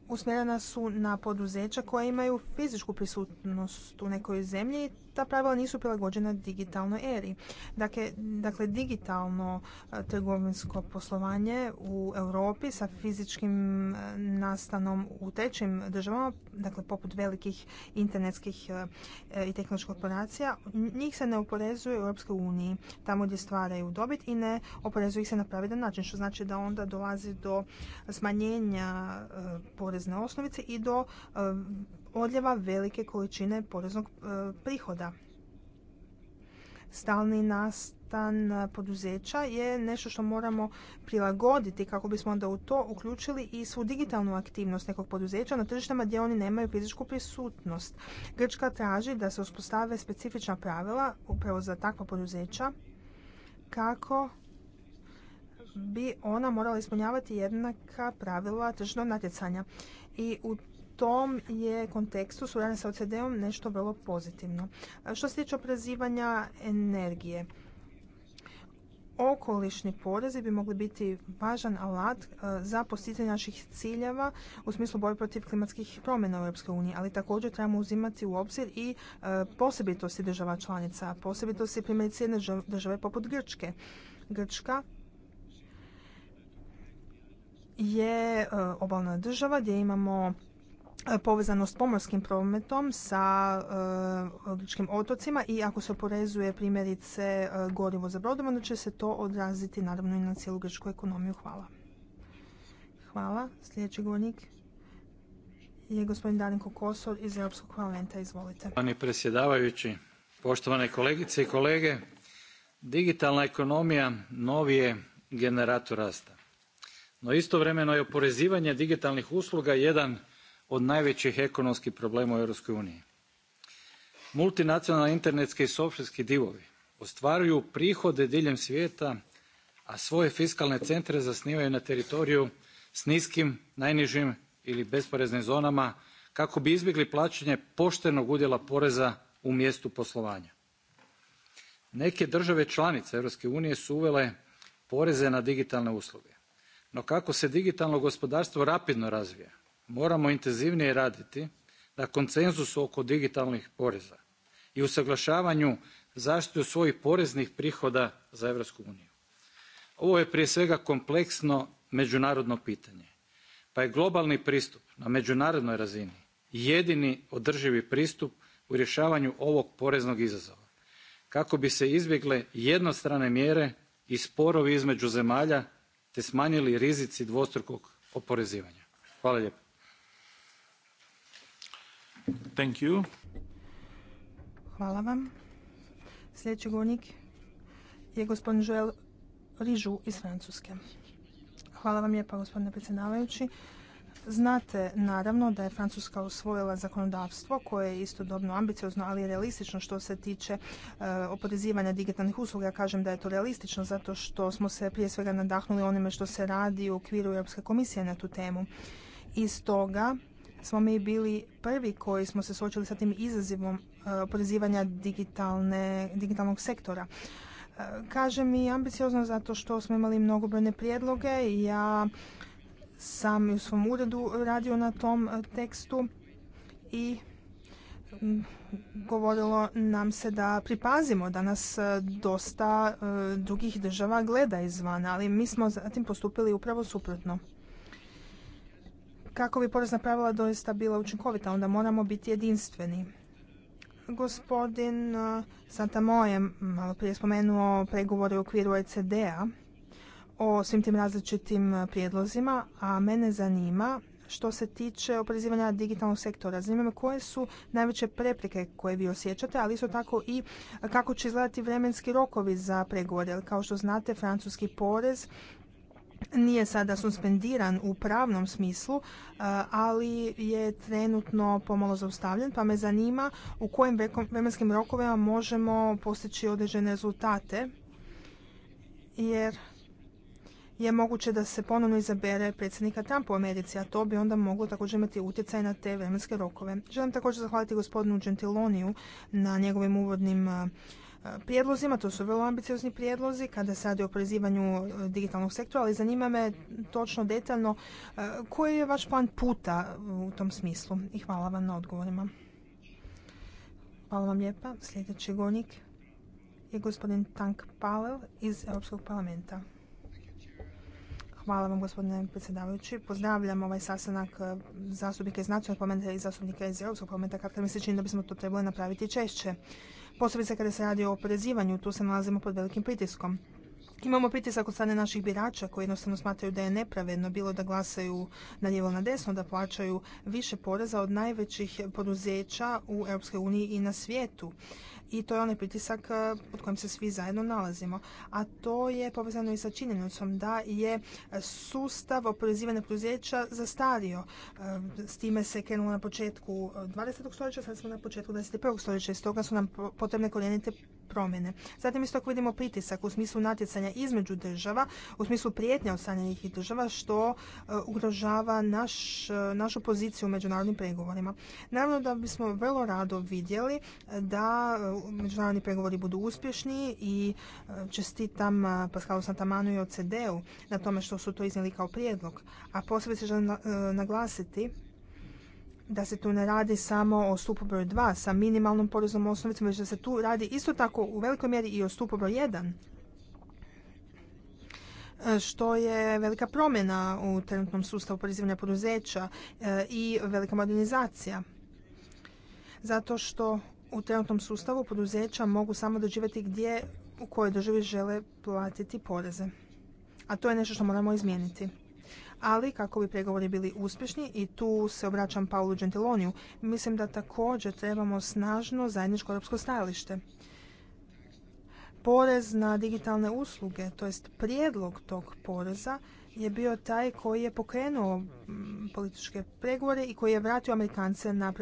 usmjerena su na poduzeća koja imaju fizičku prisutnost u nekoj zemlji ta pravila nisu prilagođena digitalnoj eri. Dakle, dakle digitalno e, trgovinsko poslovanje u Europi sa fizičkim e, nastanom u trećim državama, dakle poput velikih internetskih e, i tehnoloških operacija, njih se ne oporezuje u Europskoj uniji, tamo gdje stvaraju dobit i ne oporezuju ih se na pravedan način, što znači da onda dolazi do smanjenja porezne osnovice i do odljeva velike količine poreznog e, prihoda. Stalni nastan e, poduzeća je nešto što moramo prilagoditi kako bismo onda u to uključili i svu digitalnu aktivnost nekog poduzeća na tržištama gdje oni nemaju fizičku prisutnost. Grčka traži da se uspostave specifična pravila upravo za takva poduzeća kako bi ona morala ispunjavati jednaka pravila tržnog natjecanja. I u tom je kontekstu suradnje sa OCD-om nešto vrlo pozitivno. Što se tiče oprezivanja energije, okolišni porezi bi mogli biti važan alat e, za postizanje naših ciljeva u smislu borbe protiv klimatskih promjena u EU, ali također trebamo uzimati u obzir i e, posebitosti država članica, posebitosti primjerice jedne države poput Grčke. Grčka je e, obalna država gdje imamo E, povezano s pomorskim prometom sa e, odličkim otocima i ako se oporezuje primjerice e, gorivo za brodom, onda će se to odraziti naravno i na cijelu grčku ekonomiju. Hvala. Hvala. Sljedeći govornik je gospodin Darinko Kosor iz Europskog parlamenta. Izvolite. Pani predsjedavajući, poštovane kolegice i kolege, digitalna ekonomija novi je generator rasta. No istovremeno je oporezivanje digitalnih usluga jedan od najvećih ekonomskih problema u Europskoj uniji. multinacionalni internetske i softverski divovi ostvaruju prihode diljem svijeta, a svoje fiskalne centre zasnivaju na teritoriju s niskim, najnižim ili besporeznim zonama kako bi izbjegli plaćanje poštenog udjela poreza u mjestu poslovanja. Neke države članice Europske unije su uvele poreze na digitalne usluge. No kako se digitalno gospodarstvo rapidno razvija, moramo intenzivnije raditi na konsenzusu oko digitalnih poreza i usaglašavanju zaštitu svojih poreznih prihoda za europsku uniju. ovo je prije svega kompleksno međunarodno pitanje pa je globalni pristup na međunarodnoj razini jedini održivi pristup u rješavanju ovog poreznog izazova kako bi se izbjegle jednostrane mjere i sporovi između zemalja te smanjili rizici dvostrukog oporezivanja. hvala lijepo. Hvala vam. Sljedeći govornik je gospodin Joel Rižu iz Francuske. Hvala vam lijepa gospodine predsjedavajući. Znate naravno da je Francuska usvojila zakonodavstvo koje je istodobno ambiciozno, ali i realistično što se tiče e, oporezivanja digitalnih usluga. Ja kažem da je to realistično zato što smo se prije svega nadahnuli onime što se radi u okviru Europske komisije na tu temu. I stoga smo mi bili prvi koji smo se suočili sa tim izazivom e, oporezivanja digitalnog sektora. E, kažem i ambiciozno zato što smo imali mnogobrojne prijedloge i ja sam i u svom uredu radio na tom e, tekstu i govorilo nam se da pripazimo da nas dosta drugih država gleda izvana, ali mi smo zatim postupili upravo suprotno kako bi porezna pravila doista bila učinkovita, onda moramo biti jedinstveni. Gospodin uh, Santa Moje malo prije spomenuo pregovore u okviru ECD-a o svim tim različitim uh, prijedlozima, a mene zanima što se tiče oprezivanja digitalnog sektora. Zanima me koje su najveće prepreke koje vi osjećate, ali isto tako i kako će izgledati vremenski rokovi za pregovore. Kao što znate, francuski porez nije sada suspendiran u pravnom smislu, e, ali je trenutno pomalo zaustavljen, pa me zanima u kojim vremenskim rokovima možemo postići određene rezultate, jer je moguće da se ponovno izabere predsjednika Trumpa u Americi, a to bi onda moglo također imati utjecaj na te vremenske rokove. Želim također zahvaliti gospodinu Gentiloniju na njegovim uvodnim e, prijedlozima, to su vrlo ambiciozni prijedlozi kada se radi o oporezivanju e, digitalnog sektora, ali zanima me točno detaljno e, koji je vaš plan puta u tom smislu i hvala vam na odgovorima. Hvala vam lijepa. Sljedeći govornik je gospodin Tank Palel iz Europskog parlamenta. Hvala vam gospodine predsjedavajući. Pozdravljam ovaj sastanak e, zastupnika iz nacionalnog parlamenta i zastupnika iz Europskog parlamenta kako mi se čini da bismo to trebali napraviti češće posebice kada se radi o oporezivanju, tu se nalazimo pod velikim pritiskom. Imamo pritisak od strane naših birača koji jednostavno smatraju da je nepravedno bilo da glasaju na lijevo na desno, da plaćaju više poreza od najvećih poduzeća u EU i na svijetu. I to je onaj pritisak eh, pod kojim se svi zajedno nalazimo. A to je povezano i sa činjenicom da je sustav oporezivanja poduzeća zastario. Eh, s time se krenulo na početku 20. Eh, stoljeća, sad smo na početku 21. stoljeća i stoga su nam potrebne korijenite promjene. Zatim isto ako vidimo pritisak u smislu natjecanja između država, u smislu prijetnja od sanjenih država što e, ugrožava e, našu poziciju u međunarodnim pregovorima. Naravno da bismo vrlo rado vidjeli e, da međunarodni pregovori budu uspješni i čestitam Pascalu Santamanu i OCD-u na tome što su to iznijeli kao prijedlog. A posebno se želim naglasiti da se tu ne radi samo o stupu broj 2 sa minimalnom poreznom osnovicom, već da se tu radi isto tako u velikoj mjeri i o stupu broj 1 e, što je velika promjena u trenutnom sustavu oporezivanja poduzeća e, i velika modernizacija. Zato što u trenutnom sustavu poduzeća mogu samo određivati gdje u kojoj državi žele platiti poreze. A to je nešto što moramo izmijeniti ali kako bi pregovori bili uspješni i tu se obraćam Paulu Gentiloniju, mislim da također trebamo snažno zajedničko europsko stajalište. Porez na digitalne usluge, to jest prijedlog tog poreza, je bio taj koji je pokrenuo mm, političke pregovore i koji je vratio Amerikance na uh,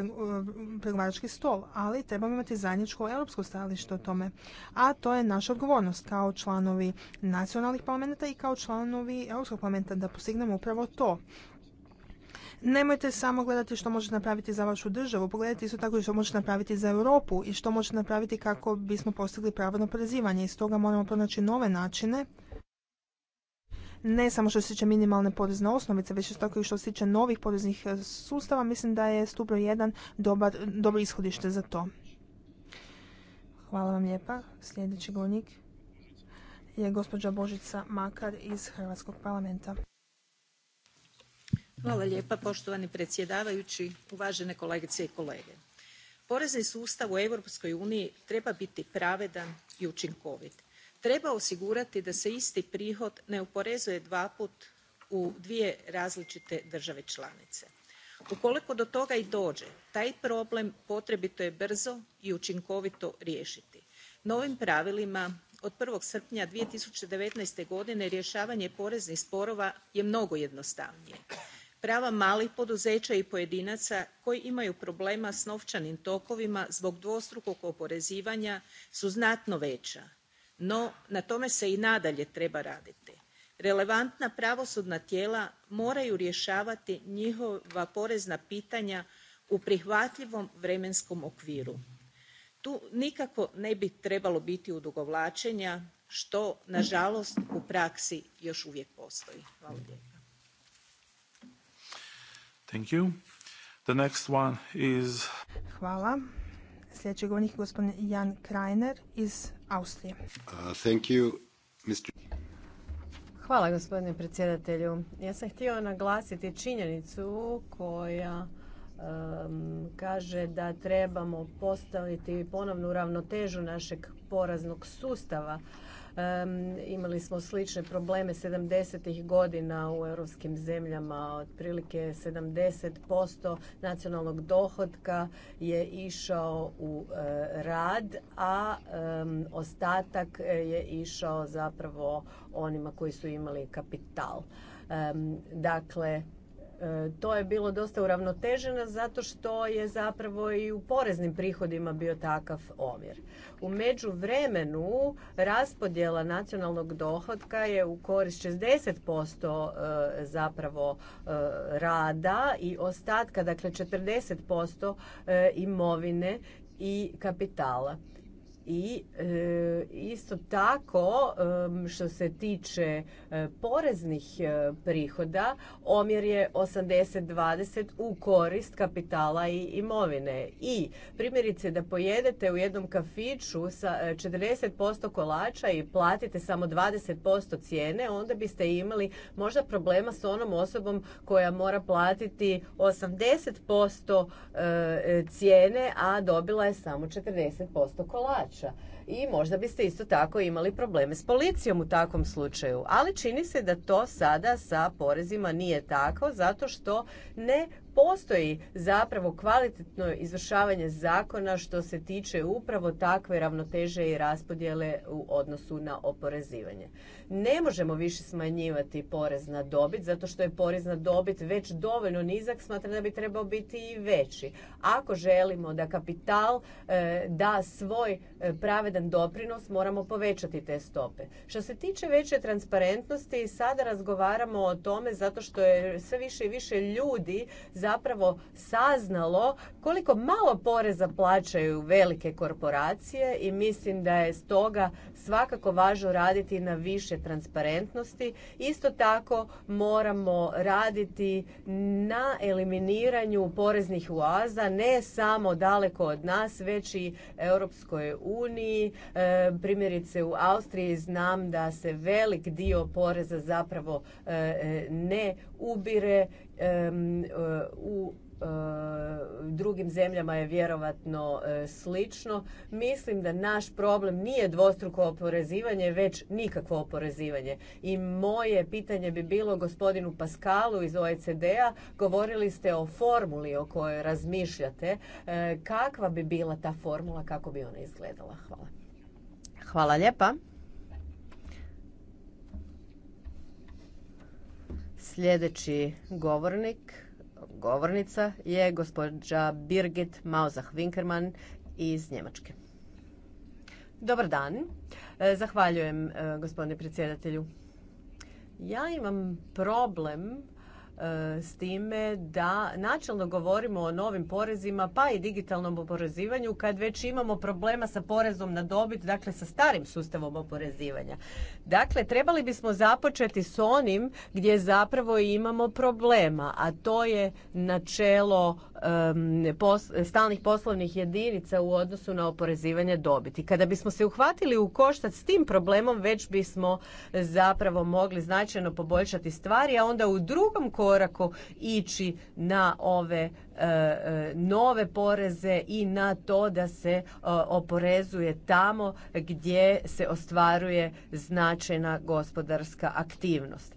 pregovarački stol, ali trebamo imati zajedničko europsko stajalište o tome. A to je naša odgovornost kao članovi nacionalnih parlamenta i kao članovi Europskog parlamenta da postignemo upravo to. Nemojte samo gledati što možete napraviti za vašu državu, pogledajte isto tako i što možete napraviti za Europu i što možete napraviti kako bismo postigli pravodno oporezivanje. I stoga moramo pronaći nove načine ne samo što se tiče minimalne porezne osnovice, već i što se tiče novih poreznih e, sustava, mislim da je Stupro jedan dobar, dobro ishodište za to. Hvala vam lijepa. Sljedeći govornik je gospođa Božica Makar iz Hrvatskog parlamenta. Hvala lijepa poštovani predsjedavajući, uvažene kolegice i kolege. Porezni sustav u Europskoj uniji treba biti pravedan i učinkovit treba osigurati da se isti prihod ne oporezuje dvaput u dvije različite države članice. ukoliko do toga i dođe taj problem potrebito je brzo i učinkovito riješiti. novim pravilima od. 1. srpnja. two thousand and godine rješavanje poreznih sporova je mnogo jednostavnije. prava malih poduzeća i pojedinaca koji imaju problema s novčanim tokovima zbog dvostrukog oporezivanja su znatno veća no na tome se i nadalje treba raditi. relevantna pravosudna tijela moraju rješavati njihova porezna pitanja u prihvatljivom vremenskom okviru. tu nikako ne bi trebalo biti udugovlačenja, što nažalost u praksi još uvijek postoji. Hvala. Sljedeći govornik gospodin Jan Krajner iz Austrije. Uh, Hvala gospodine predsjedatelju. Ja sam htio naglasiti činjenicu koja um, kaže da trebamo postaviti ponovnu ravnotežu našeg poraznog sustava. Imali smo slične probleme 70. godina u europskim zemljama. Otprilike 70% nacionalnog dohodka je išao u e, rad, a ostatak e, je išao zapravo onima koji su imali kapital. Dakle, E, to je bilo dosta uravnoteženo zato što je zapravo i u poreznim prihodima bio takav omjer. U međuvremenu raspodjela nacionalnog dohotka je u korist 60% e, zapravo e, rada i ostatka, dakle 40% imovine i kapitala. I e, isto tako što se tiče e, poreznih e, prihoda, omjer je 80-20 u korist kapitala i imovine. I primjerice da pojedete u jednom kafiću sa 40% kolača i platite samo 20% cijene, onda biste imali možda problema s onom osobom koja mora platiti 80% cijene, a dobila je samo 40% kolača okoliša i možda biste isto tako imali probleme s policijom u takvom slučaju. Ali čini se da to sada sa porezima nije tako zato što ne postoji zapravo kvalitetno izvršavanje zakona što se tiče upravo takve ravnoteže i raspodjele u odnosu na oporezivanje. Ne možemo više smanjivati porez na dobit zato što je porez na dobit već dovoljno nizak, smatram da bi trebao biti i veći. Ako želimo da kapital e, da svoj e, pravedan jedan doprinos, moramo povećati te stope. Što se tiče veće transparentnosti, sada razgovaramo o tome zato što je sve više i više ljudi zapravo saznalo koliko malo poreza plaćaju velike korporacije i mislim da je stoga svakako važno raditi na više transparentnosti. Isto tako moramo raditi na eliminiranju poreznih uaza, ne samo daleko od nas, već i Europskoj uniji. E, primjerice u Austriji znam da se velik dio poreza zapravo e, e, ne ubire u E, drugim zemljama je vjerovatno e, slično. Mislim da naš problem nije dvostruko oporezivanje, već nikakvo oporezivanje. I moje pitanje bi bilo gospodinu Paskalu iz OECD-a. Govorili ste o formuli o kojoj razmišljate. E, kakva bi bila ta formula, kako bi ona izgledala? Hvala. Hvala lijepa. Sljedeći govornik govornica je gospođa Birgit Mauzach-Winkerman iz Njemačke. Dobar dan. E, zahvaljujem e, gospodine predsjedatelju. Ja imam problem E, s time da načelno govorimo o novim porezima pa i digitalnom oporezivanju kad već imamo problema sa porezom na dobit, dakle sa starim sustavom oporezivanja. Dakle, trebali bismo započeti s onim gdje zapravo imamo problema, a to je načelo stalnih poslovnih jedinica u odnosu na oporezivanje dobiti. Kada bismo se uhvatili u koštac s tim problemom već bismo zapravo mogli značajno poboljšati stvari, a onda u drugom koraku ići na ove E, e, nove poreze i na to da se e, oporezuje tamo gdje se ostvaruje značajna gospodarska aktivnost.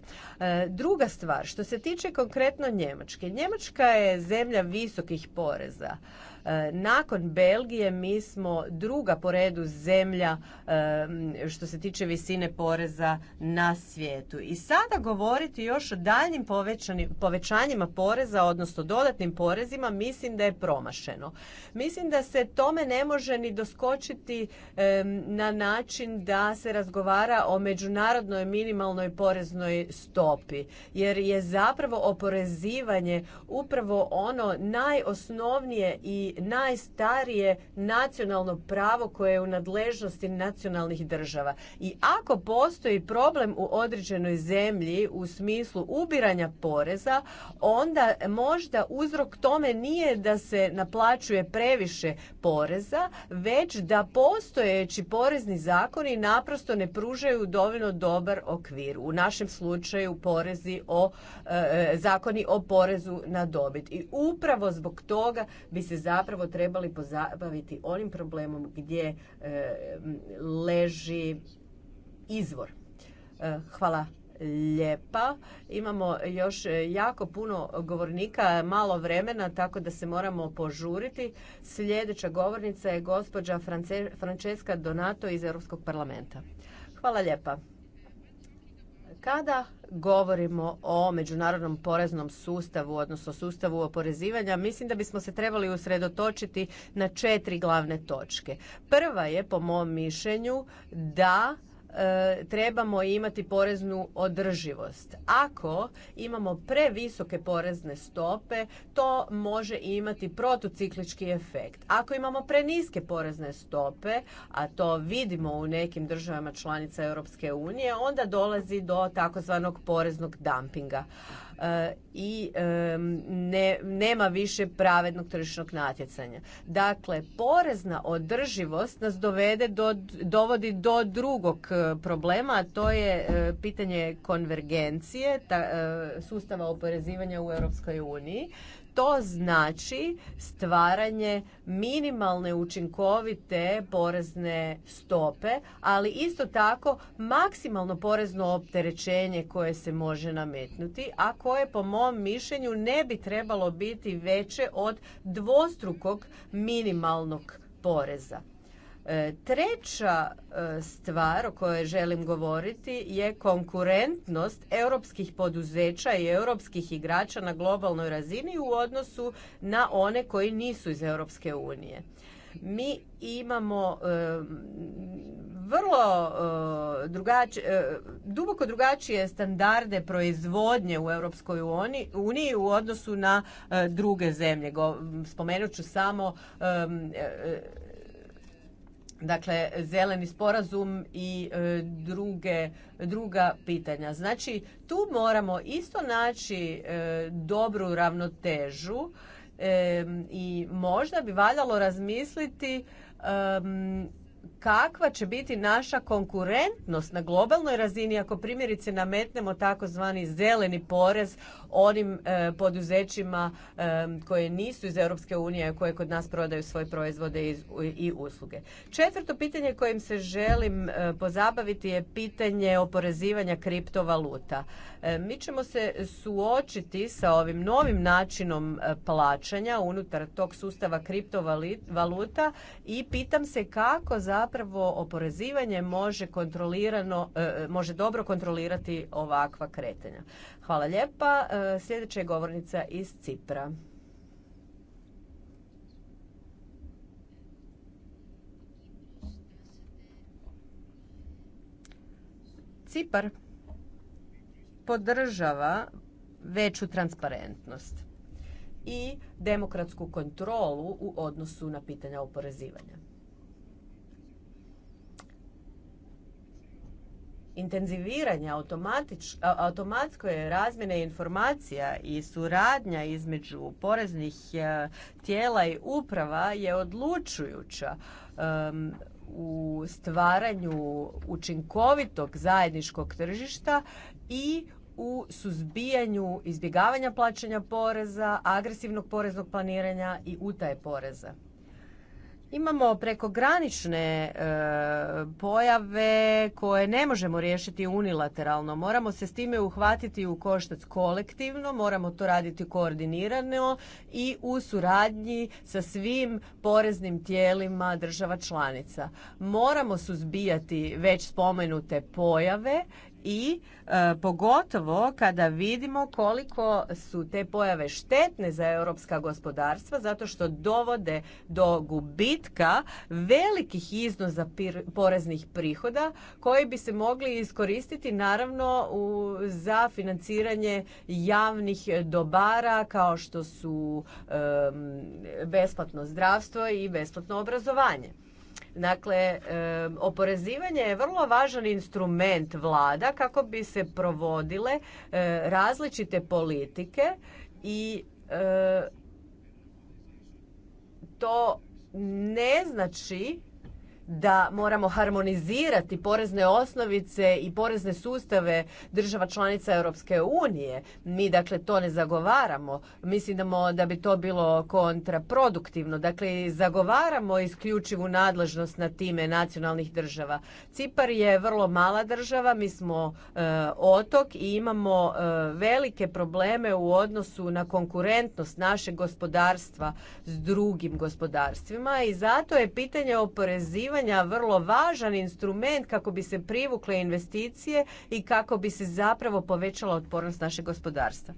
Druga stvar, što se tiče konkretno Njemačke. Njemačka je zemlja visokih poreza. E, nakon Belgije mi smo druga po redu zemlja e, što se tiče visine poreza na svijetu. I sada govoriti još o daljnjim povećanjima poreza, odnosno dodatnim porezima, mislim da je promašeno. Mislim da se tome ne može ni doskočiti e, na način da se razgovara o međunarodnoj minimalnoj poreznoj stopi. Jer je zapravo oporezivanje upravo ono najosnovnije i najstarije nacionalno pravo koje je u nadležnosti nacionalnih država. I ako postoji problem u određenoj zemlji u smislu ubiranja poreza, onda možda uzrok tome nije da se naplaćuje previše poreza, već da postojeći porezni zakoni naprosto ne pružaju dovoljno dobar okvir. U našem slučaju porezi o e, e, zakoni o porezu na dobit. I upravo zbog toga bi se zakon zapravo trebali pozabaviti onim problemom gdje e, leži izvor. E, hvala lijepa. Imamo još jako puno govornika, malo vremena, tako da se moramo požuriti. Sljedeća govornica je gospođa Francesca Donato iz Europskog parlamenta. Hvala lijepa. Kada govorimo o međunarodnom poreznom sustavu, odnosno sustavu oporezivanja, mislim da bismo se trebali usredotočiti na četiri glavne točke. Prva je, po mom mišljenju, da E, trebamo imati poreznu održivost. Ako imamo previsoke porezne stope, to može imati protociklički efekt. Ako imamo preniske porezne stope, a to vidimo u nekim državama članica Europske unije, onda dolazi do takozvanog poreznog dumpinga. E, i e, ne, nema više pravednog tržišnog natjecanja. Dakle, porezna održivost nas dovede do, dovodi do drugog e, problema, a to je pitanje konvergencije sustava oporezivanja u Europskoj uniji to znači stvaranje minimalne učinkovite porezne stope, ali isto tako maksimalno porezno opterećenje koje se može nametnuti, a koje po mom mišljenju ne bi trebalo biti veće od dvostrukog minimalnog poreza. E, treća e, stvar o kojoj želim govoriti je konkurentnost europskih poduzeća i europskih igrača na globalnoj razini u odnosu na one koji nisu iz Europske unije. Mi imamo e, vrlo drugačije, duboko drugačije standarde proizvodnje u Europskoj uniji u odnosu na druge zemlje. Spomenut ću samo dakle zeleni sporazum i e, druge, druga pitanja. Znači tu moramo isto naći e, dobru ravnotežu e, i možda bi valjalo razmisliti kakva će biti naša konkurentnost na globalnoj razini ako primjerice nametnemo takozvani zeleni porez onim e, poduzećima e, koje nisu iz Europske unije koje kod nas prodaju svoje proizvode i, usluge. Četvrto pitanje kojim se želim e, pozabaviti je pitanje oporezivanja kriptovaluta. Mi ćemo se suočiti sa ovim novim načinom plaćanja unutar tog sustava kriptovaluta i pitam se kako za zapravo oporezivanje može kontrolirano, e, može dobro kontrolirati ovakva kretanja. Hvala lijepa. E, sljedeća je govornica iz Cipra. Cipar podržava veću transparentnost i demokratsku kontrolu u odnosu na pitanja oporezivanja. intenziviranja automatske razmjene informacija i suradnja između poreznih e, tijela i uprava je odlučujuća u stvaranju učinkovitog zajedničkog tržišta i u suzbijanju izbjegavanja plaćanja poreza, agresivnog poreznog planiranja i utaje poreza. Imamo prekogranične e, pojave koje ne možemo riješiti unilateralno. Moramo se s time uhvatiti u koštac kolektivno, moramo to raditi koordinirano i u suradnji sa svim poreznim tijelima država članica. Moramo suzbijati već spomenute pojave i e, pogotovo kada vidimo koliko su te pojave štetne za europska gospodarstva zato što dovode do gubitka velikih iznosa poreznih prihoda koji bi se mogli iskoristiti naravno za financiranje javnih dobara kao što su besplatno zdravstvo i besplatno obrazovanje. Dakle, oporezivanje je vrlo važan instrument vlada kako bi se provodile e, različite politike i e, to ne znači da moramo harmonizirati porezne osnovice i porezne sustave država članica Europske unije. Mi dakle to ne zagovaramo. Mislimo da bi to bilo kontraproduktivno. Dakle, zagovaramo isključivu nadležnost na time nacionalnih država. Cipar je vrlo mala država, mi smo e, otok i imamo e, velike probleme u odnosu na konkurentnost našeg gospodarstva s drugim gospodarstvima i zato je pitanje oporezivanja istraživanja vrlo važan instrument kako bi se privukle investicije i kako bi se zapravo povećala otpornost našeg gospodarstva.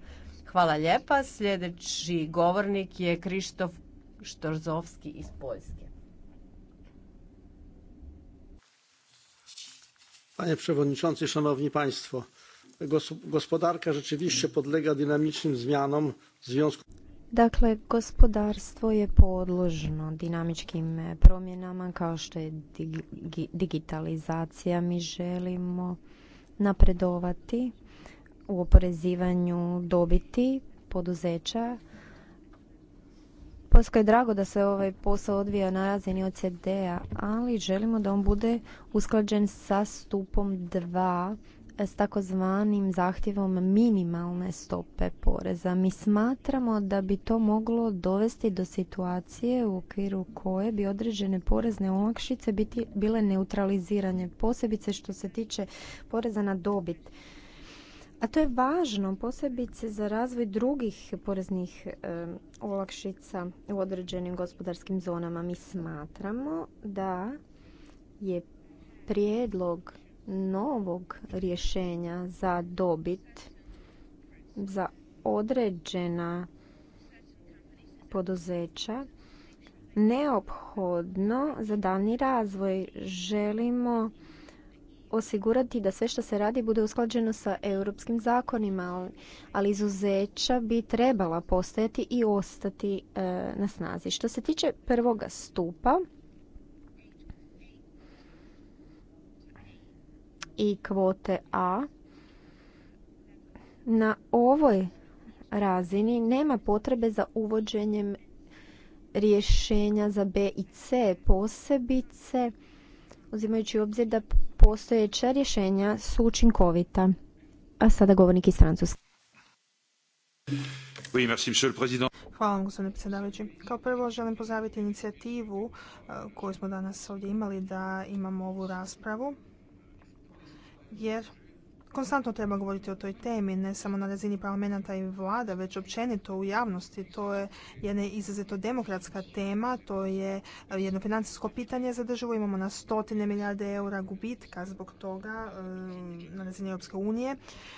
Hvala lijepa. Sljedeći govornik je Krištof Štorzovski iz Poljske. Panie przewodniczący, szanowni państwo, gospodarka rzeczywiście podlega dynamicznym zmianom w związku Dakle, gospodarstvo je podložno dinamičkim e, promjenama kao što je digitalizacija. Mi želimo napredovati u oporezivanju dobiti poduzeća. Poljsko je drago da se ovaj posao odvija na razini OCD-a, ali želimo da on bude usklađen sa stupom 2 s takozvanim zahtjevom minimalne stope poreza. Mi smatramo da bi to moglo dovesti do situacije u okviru koje bi određene porezne olakšice biti, bile neutralizirane, posebice što se tiče poreza na dobit. A to je važno posebice za razvoj drugih poreznih olakšica u određenim gospodarskim zonama. Mi smatramo da je prijedlog novog rješenja za dobit za određena poduzeća neophodno za daljnji razvoj. Želimo osigurati da sve što se radi bude usklađeno sa europskim zakonima, ali izuzeća bi trebala postojati i ostati e, na snazi. Što se tiče prvoga stupa, i kvote A, na ovoj razini nema potrebe za uvođenjem rješenja za B i C posebice, uzimajući u obzir da postojeća rješenja su učinkovita. A sada govornik iz Francuske. Hvala vam, gospodine predsjedavajući. Kao prvo želim pozdraviti inicijativu eh, koju smo danas ovdje imali da imamo ovu raspravu jer konstantno treba govoriti o toj temi, ne samo na razini parlamenta i vlada, već općenito u javnosti. To je jedna izrazito demokratska tema, to je e, jedno financijsko pitanje za državu. Imamo na stotine milijarde eura gubitka zbog toga e, na razini Europske unije.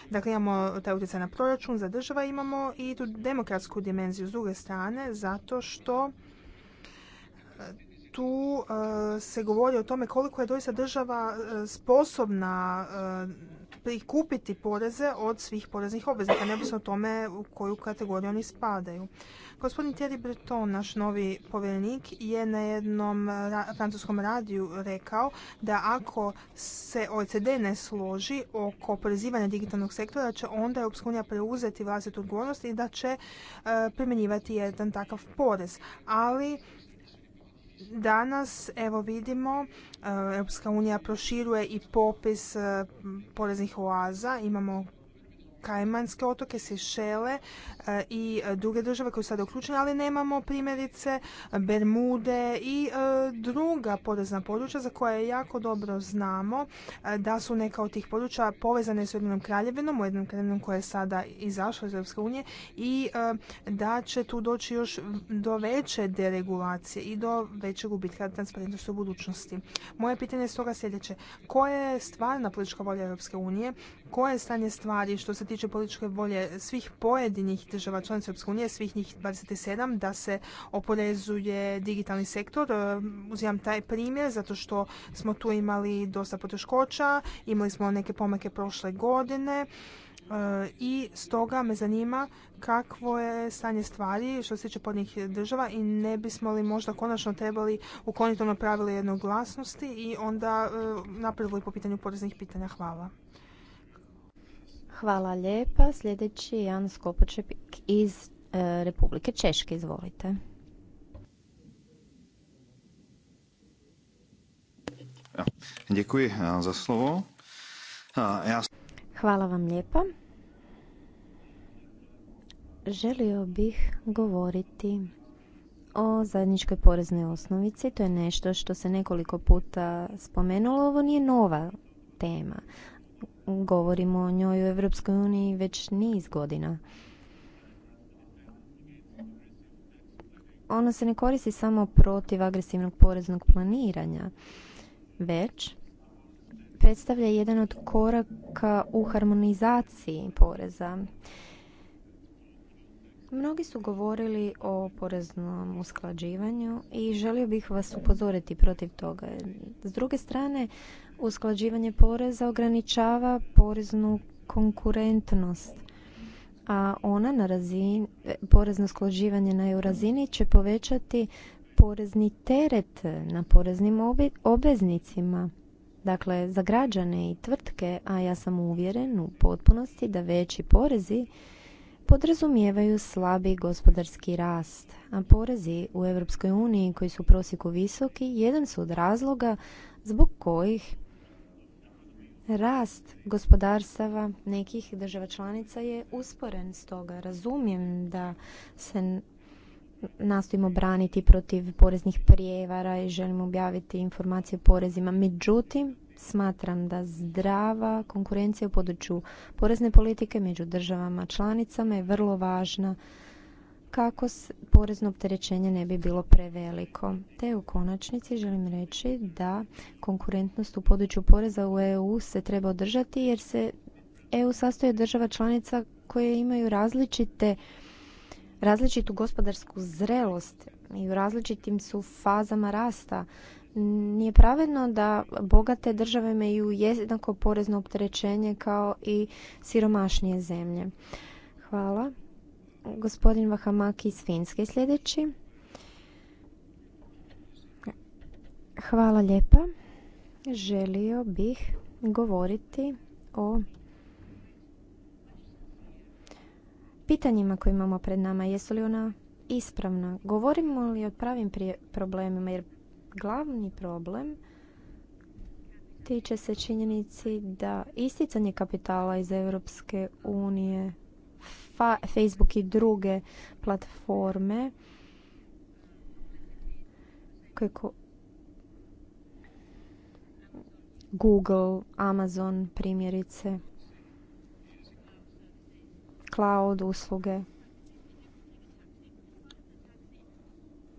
Dakle, imamo taj utjecaj na proračun za država, imamo i tu demokratsku dimenziju s druge strane, zato što e, tu e, se govori o tome koliko je doista država e, sposobna e, prikupiti poreze od svih poreznih obveznika, neovisno o tome u koju kategoriju oni spadaju. Gospodin Thierry Breton, naš novi povjerenik, je na jednom francuskom radiju rekao da ako se OECD ne složi oko oporezivanja digitalnog sektora, će onda EU preuzeti vlastitu odgovornost i da će primjenjivati jedan takav porez. Ali Danas, evo vidimo, e, Europska unija proširuje i popis e, poreznih oaza. Imamo Kajmanske otoke, Sešele e, i e, druge države koje su sada uključene, ali nemamo primjerice Bermude i e, druga porezna područja za koje jako dobro znamo da su neka od tih područja povezane s Ujedinom kraljevinom, jednom kraljevinom koja je sada izašla iz Europske unije i da će tu doći još do veće deregulacije i do većeg gubitka transparentnosti u budućnosti. Moje pitanje je stoga sljedeće. Koja je stvarna politička volja Europske unije koje je stanje stvari što se tiče političke volje svih pojedinih država članica Europske unije, svih njih 27, da se oporezuje digitalni sektor. E, uzimam taj primjer zato što smo tu imali dosta poteškoća, imali smo neke pomake prošle godine e, i stoga me zanima kakvo je stanje stvari što se tiče podnijih država i ne bismo li možda konačno trebali ukloniti ono pravilo jednoglasnosti i onda e, napravili po pitanju poreznih pitanja. Hvala. Hvala lijepa. Sljedeći Jan Skopočepik iz e, Republike Češke. Izvolite. E, e, Hvala vam lijepa. Želio bih govoriti o zajedničkoj poreznoj osnovici. To je nešto što se nekoliko puta spomenulo. Ovo nije nova tema govorimo o njoj u Europskoj uniji već niz godina. Ona se ne koristi samo protiv agresivnog poreznog planiranja, već predstavlja jedan od koraka u harmonizaciji poreza Mnogi su govorili o poreznom usklađivanju i želio bih vas upozoriti protiv toga. S druge strane, usklađivanje poreza ograničava poreznu konkurentnost, a ona na razini, porezno usklađivanje na EU razini će povećati porezni teret na poreznim obveznicima. Dakle, za građane i tvrtke, a ja sam uvjeren u potpunosti da veći porezi podrazumijevaju slabi gospodarski rast, a porezi u Europskoj uniji koji su u prosjeku visoki jedan su od razloga zbog kojih rast gospodarstava nekih država članica je usporen. Stoga razumijem da se nastojimo braniti protiv poreznih prijevara i želimo objaviti informacije o porezima. Međutim, smatram da zdrava konkurencija u području porezne politike među državama članicama je vrlo važna kako porezno opterećenje ne bi bilo preveliko. Te u konačnici želim reći da konkurentnost u području poreza u EU se treba održati jer se EU sastoji od država članica koje imaju različite različitu gospodarsku zrelost i u različitim su fazama rasta nije pravedno da bogate države imaju jednako porezno opterećenje kao i siromašnije zemlje. Hvala. Gospodin Vahamaki iz Finske sljedeći. Hvala lijepa. Želio bih govoriti o pitanjima koje imamo pred nama. Jesu li ona ispravna? Govorimo li o pravim problemima? Jer Glavni problem tiče se činjenici da isticanje kapitala iz Europske unije, Facebook i druge platforme kako Google, Amazon primjerice, cloud usluge.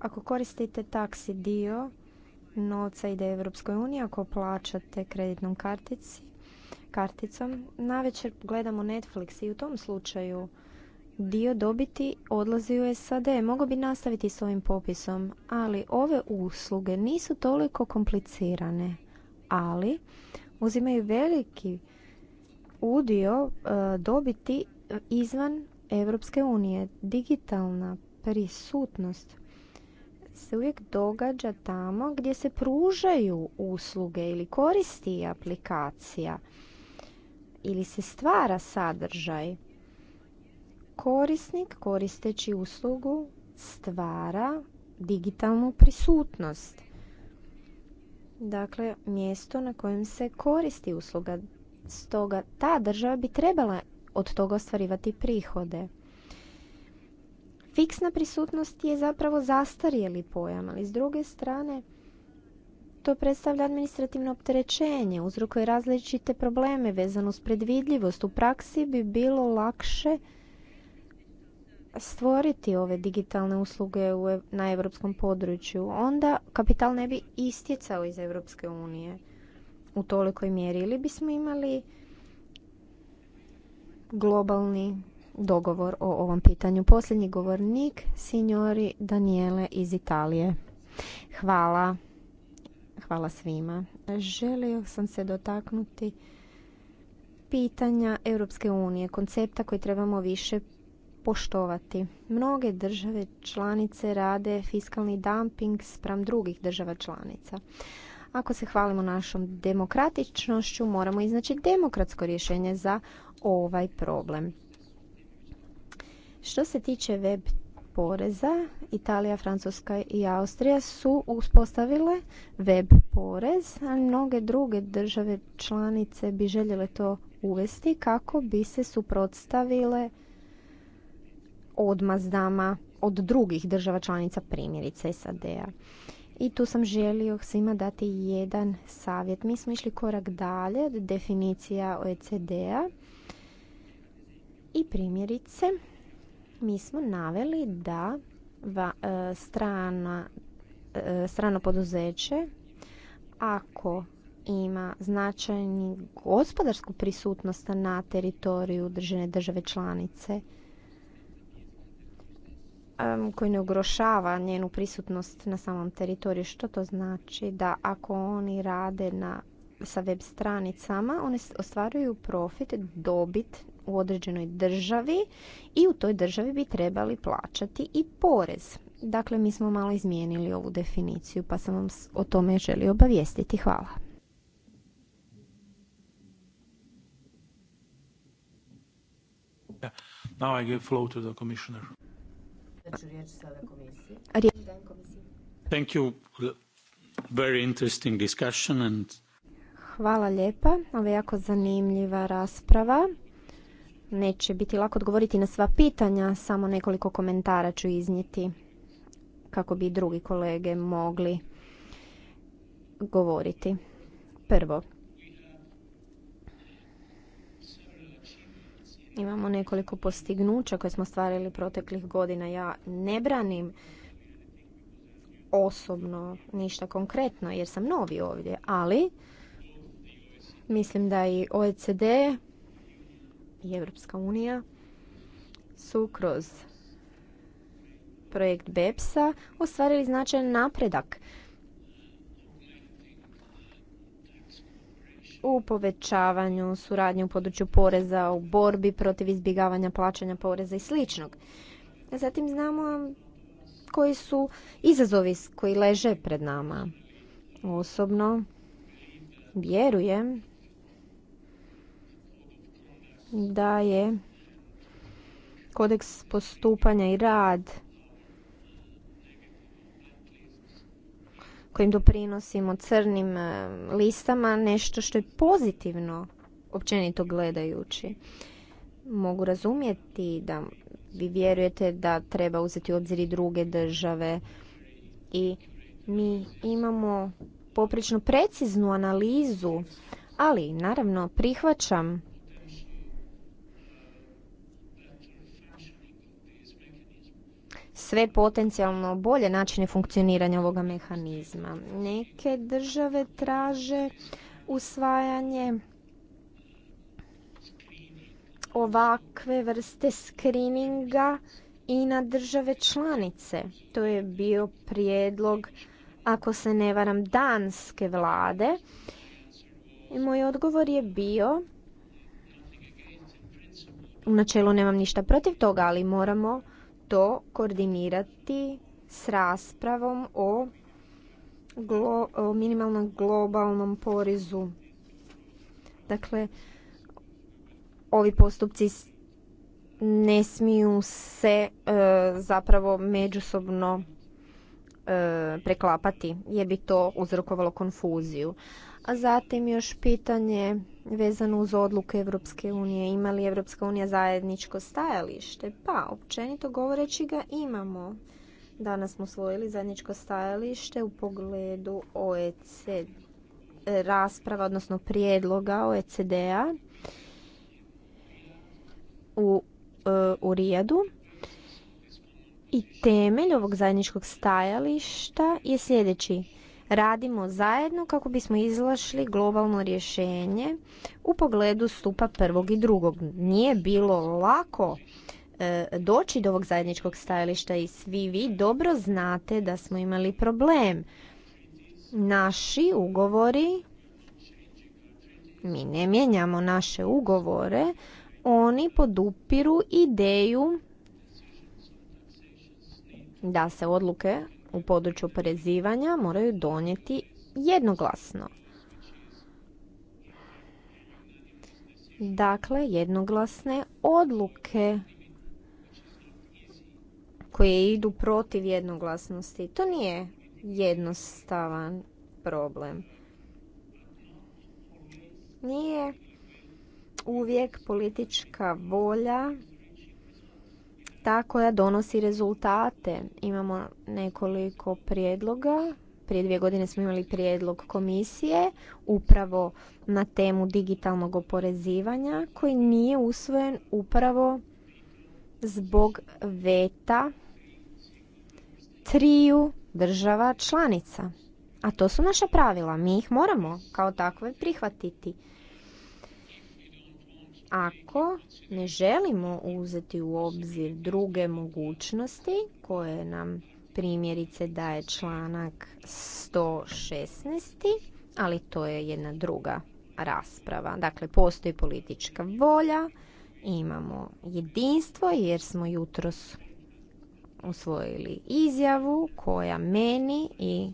Ako koristite taksi dio, novca ide Europskoj uniji ako plaćate kreditnom kartici, karticom. Navečer gledamo Netflix i u tom slučaju dio dobiti odlazi u SAD. Mogu bi nastaviti s ovim popisom, ali ove usluge nisu toliko komplicirane, ali uzimaju veliki udio e, dobiti e, izvan Europske unije. Digitalna prisutnost se uvijek događa tamo gdje se pružaju usluge ili koristi aplikacija ili se stvara sadržaj. Korisnik koristeći uslugu stvara digitalnu prisutnost. Dakle, mjesto na kojem se koristi usluga. Stoga ta država bi trebala od toga ostvarivati prihode. Fiksna prisutnost je zapravo zastarjeli pojam, ali s druge strane to predstavlja administrativno opterećenje, uzrokuje različite probleme vezano uz predvidljivost. U praksi bi bilo lakše stvoriti ove digitalne usluge na europskom području. Onda kapital ne bi istjecao iz Europske unije u tolikoj mjeri ili bismo imali globalni dogovor o ovom pitanju. Posljednji govornik, signori Daniele iz Italije. Hvala. Hvala svima. Želio sam se dotaknuti pitanja Europske unije, koncepta koji trebamo više poštovati. Mnoge države članice rade fiskalni dumping spram drugih država članica. Ako se hvalimo našom demokratičnošću, moramo iznaći demokratsko rješenje za ovaj problem. Što se tiče web poreza, Italija, Francuska i Austrija su uspostavile web porez, a mnoge druge države članice bi željele to uvesti kako bi se suprotstavile odmazdama od drugih država članica, primjerice SAD-a. I tu sam želio svima dati jedan savjet. Mi smo išli korak dalje, definicija OECD-a i primjerice mi smo naveli da va, e, strana, e, strano poduzeće ako ima značajnu gospodarsku prisutnost na teritoriju državne države članice koji ne ugrošava njenu prisutnost na samom teritoriju. Što to znači? Da ako oni rade na, sa web stranicama, oni ostvaruju profit, dobit u određenoj državi i u toj državi bi trebali plaćati i porez. Dakle, mi smo malo izmijenili ovu definiciju pa sam vam o tome želio obavijestiti. Hvala. Now I give to the commissioner. Thank you. Very interesting discussion and... Hvala lijepa. Ovo je jako zanimljiva rasprava. Neće biti lako odgovoriti na sva pitanja, samo nekoliko komentara ću iznijeti kako bi drugi kolege mogli govoriti. Prvo, imamo nekoliko postignuća koje smo stvarili proteklih godina. Ja ne branim osobno ništa konkretno jer sam novi ovdje, ali mislim da i OECD i Europska unija su kroz projekt BEPS-a ostvarili značajan napredak u povećavanju suradnje u području poreza, u borbi protiv izbjegavanja plaćanja poreza i sličnog. Zatim znamo koji su izazovi koji leže pred nama. Osobno vjerujem da je kodeks postupanja i rad kojim doprinosimo crnim e, listama nešto što je pozitivno općenito gledajući. Mogu razumjeti da vi vjerujete da treba uzeti u obzir i druge države i mi imamo poprično preciznu analizu, ali naravno prihvaćam sve potencijalno bolje načine funkcioniranja ovoga mehanizma. Neke države traže usvajanje ovakve vrste screeninga i na države članice. To je bio prijedlog, ako se ne varam, danske vlade. I moj odgovor je bio u načelu nemam ništa protiv toga, ali moramo to koordinirati s raspravom o, minimalnom globalnom porezu. Dakle, ovi postupci ne smiju se e, zapravo međusobno e, preklapati jer bi to uzrokovalo konfuziju. A zatim još pitanje vezano uz odluke Europske unije. Ima li Evropska unija zajedničko stajalište? Pa, općenito govoreći ga imamo. Danas smo usvojili zajedničko stajalište u pogledu OECD rasprava, odnosno prijedloga OECD-a u, e, u Rijadu. I temelj ovog zajedničkog stajališta je sljedeći radimo zajedno kako bismo izlašli globalno rješenje u pogledu stupa prvog i drugog. Nije bilo lako e, doći do ovog zajedničkog stajališta i svi vi dobro znate da smo imali problem. Naši ugovori, mi ne mijenjamo naše ugovore, oni podupiru ideju da se odluke u području oporezivanja moraju donijeti jednoglasno. Dakle, jednoglasne odluke koje idu protiv jednoglasnosti. To nije jednostavan problem. Nije uvijek politička volja ta koja donosi rezultate. Imamo nekoliko prijedloga. Prije dvije godine smo imali prijedlog komisije upravo na temu digitalnog oporezivanja koji nije usvojen upravo zbog veta triju država članica. A to su naša pravila, mi ih moramo kao takve prihvatiti ako ne želimo uzeti u obzir druge mogućnosti koje nam primjerice daje članak 116. ali to je jedna druga rasprava. Dakle, postoji politička volja, imamo jedinstvo jer smo jutros usvojili izjavu koja meni i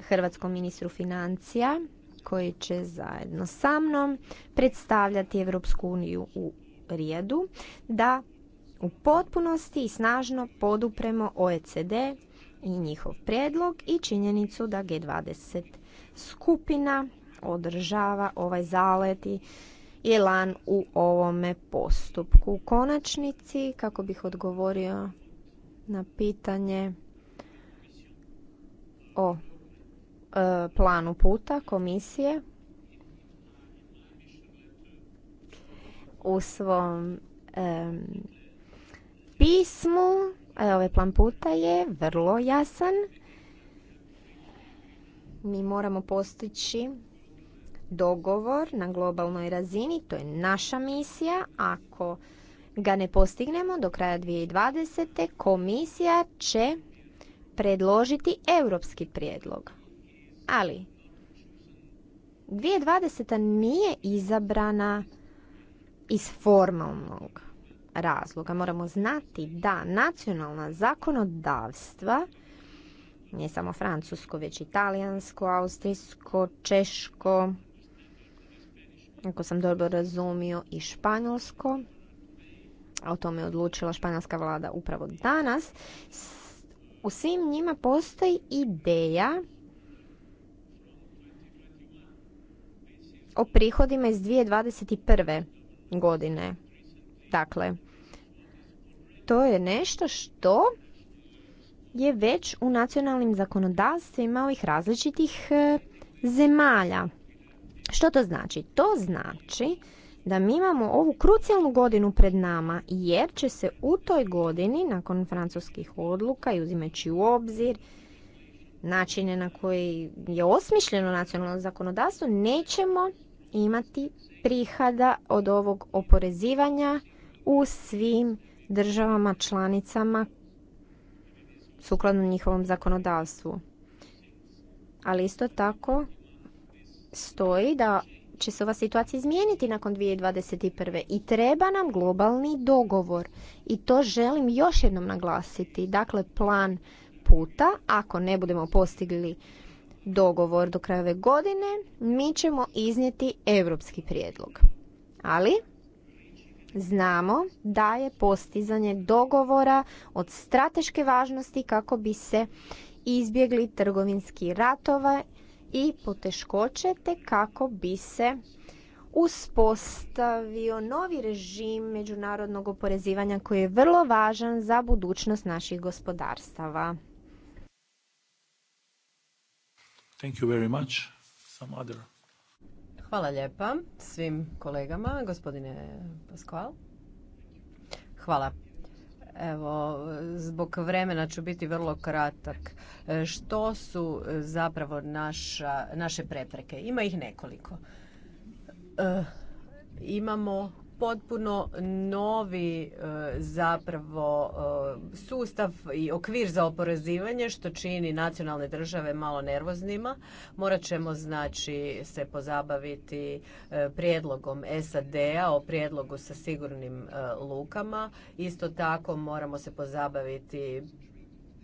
hrvatskom ministru financija koji će zajedno sa mnom predstavljati Europsku uniju u Rijedu da u potpunosti i snažno podupremo OECD i njihov prijedlog i činjenicu da G20 skupina održava ovaj zalet i elan u ovome postupku. U konačnici, kako bih odgovorio na pitanje o E, planu puta komisije u svom e, pismu. E, ovaj plan puta je vrlo jasan. Mi moramo postići dogovor na globalnoj razini. To je naša misija. Ako ga ne postignemo do kraja 2020. komisija će predložiti europski prijedlog. Ali 2020. nije izabrana iz formalnog razloga. Moramo znati da nacionalna zakonodavstva nije samo francusko, već italijansko, austrijsko, češko, ako sam dobro razumio, i španjolsko. A o tome je odlučila španjolska vlada upravo danas. U svim njima postoji ideja o prihodima iz 2021. godine. Dakle, to je nešto što je već u nacionalnim zakonodavstvima ovih različitih e, zemalja. Što to znači? To znači da mi imamo ovu krucijalnu godinu pred nama jer će se u toj godini nakon francuskih odluka i uzimajući u obzir načine na koji je osmišljeno nacionalno zakonodavstvo, nećemo imati prihada od ovog oporezivanja u svim državama članicama sukladno njihovom zakonodavstvu. Ali isto tako stoji da će se ova situacija izmijeniti nakon 2021. i treba nam globalni dogovor. I to želim još jednom naglasiti. Dakle, plan puta. Ako ne budemo postigli dogovor do kraja ove godine, mi ćemo iznijeti europski prijedlog. Ali znamo da je postizanje dogovora od strateške važnosti kako bi se izbjegli trgovinski ratovi i poteškoće te kako bi se uspostavio novi režim međunarodnog oporezivanja koji je vrlo važan za budućnost naših gospodarstava. Thank you very much. Some other. Hvala lijepa svim kolegama, gospodine Pascual. Hvala. Evo, zbog vremena ću biti vrlo kratak. Što su zapravo naša, naše prepreke? Ima ih nekoliko. E, imamo potpuno novi e, zapravo e, sustav i okvir za oporezivanje što čini nacionalne države malo nervoznima. Morat ćemo znači se pozabaviti e, prijedlogom SAD-a o prijedlogu sa sigurnim lukama. Isto tako moramo se pozabaviti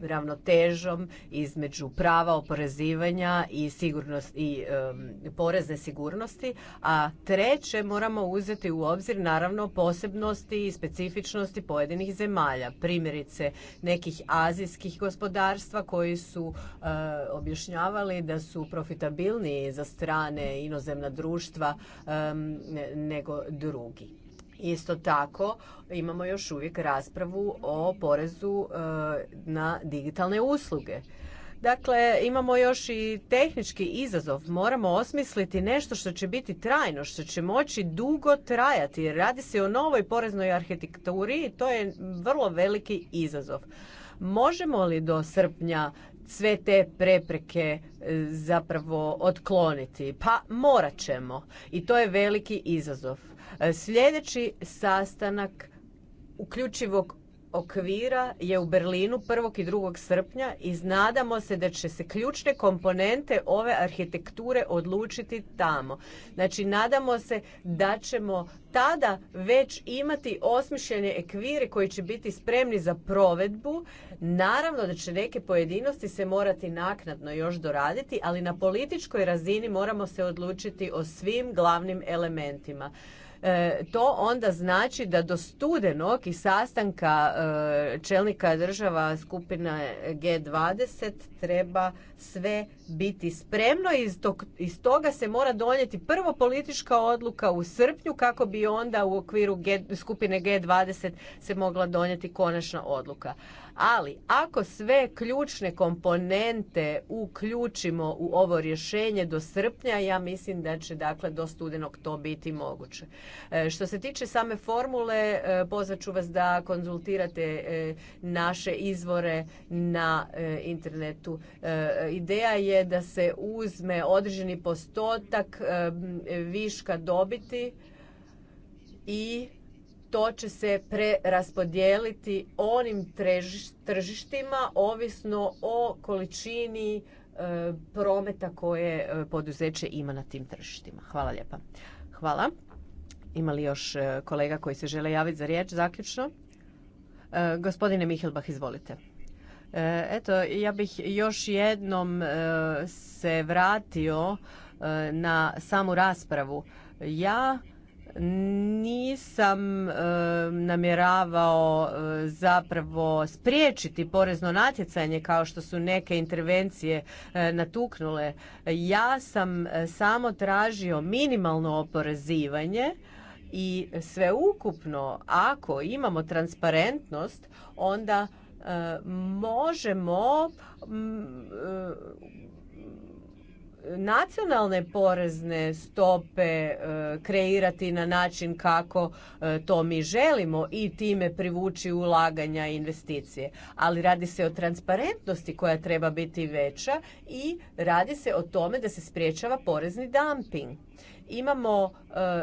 ravnotežom između prava oporezivanja i, sigurnost, i porezne sigurnosti, a treće moramo uzeti u obzir naravno posebnosti i specifičnosti pojedinih zemalja, primjerice nekih azijskih gospodarstva koji su eh, objašnjavali da su profitabilniji za strane inozemna društva nego drugi. Isto tako imamo još uvijek raspravu o porezu e, na digitalne usluge. Dakle, imamo još i tehnički izazov. Moramo osmisliti nešto što će biti trajno, što će moći dugo trajati. Radi se o novoj poreznoj arhitekturi i to je vrlo veliki izazov. Možemo li do srpnja sve te prepreke e, zapravo otkloniti? Pa morat ćemo i to je veliki izazov. E, sljedeći sastanak uključivog okvira je u Berlinu 1. i 2. srpnja i nadamo se da će se ključne komponente ove arhitekture odlučiti tamo. Znači, nadamo se da ćemo tada već imati osmišljene ekvire koji će biti spremni za provedbu. Naravno da će neke pojedinosti se morati naknadno još doraditi, ali na političkoj razini moramo se odlučiti o svim glavnim elementima. E, to onda znači da do studenog i sastanka e, čelnika država skupine G20 treba sve biti spremno i iz toga se mora donijeti prvo politička odluka u srpnju kako bi onda u okviru skupine G20 se mogla donijeti konačna odluka. Ali ako sve ključne komponente uključimo u ovo rješenje do srpnja, ja mislim da će dakle do studenog to biti moguće. E, što se tiče same formule, e, pozvat ću vas da konzultirate e, naše izvore na internetu. Ideja je da se uzme određeni postotak viška dobiti i to će se preraspodijeliti onim tržištima ovisno o količini e, prometa koje e, poduzeće ima na tim tržištima. Hvala lijepa. Hvala. Ima li još e, kolega koji se žele javiti za riječ zaključno? Gospodine Mihilbah, izvolite. Eto, ja bih još jednom se vratio na samu raspravu. Ja nisam e, namjeravao e, zapravo spriječiti porezno natjecanje kao što su neke intervencije e, natuknule. Ja sam samo tražio minimalno oporezivanje i sveukupno ako imamo transparentnost onda možemo nacionalne porezne stope e, kreirati na način kako e, to mi želimo i time privući ulaganja i investicije. Ali radi se o transparentnosti koja treba biti veća i radi se o tome da se sprječava porezni dumping imamo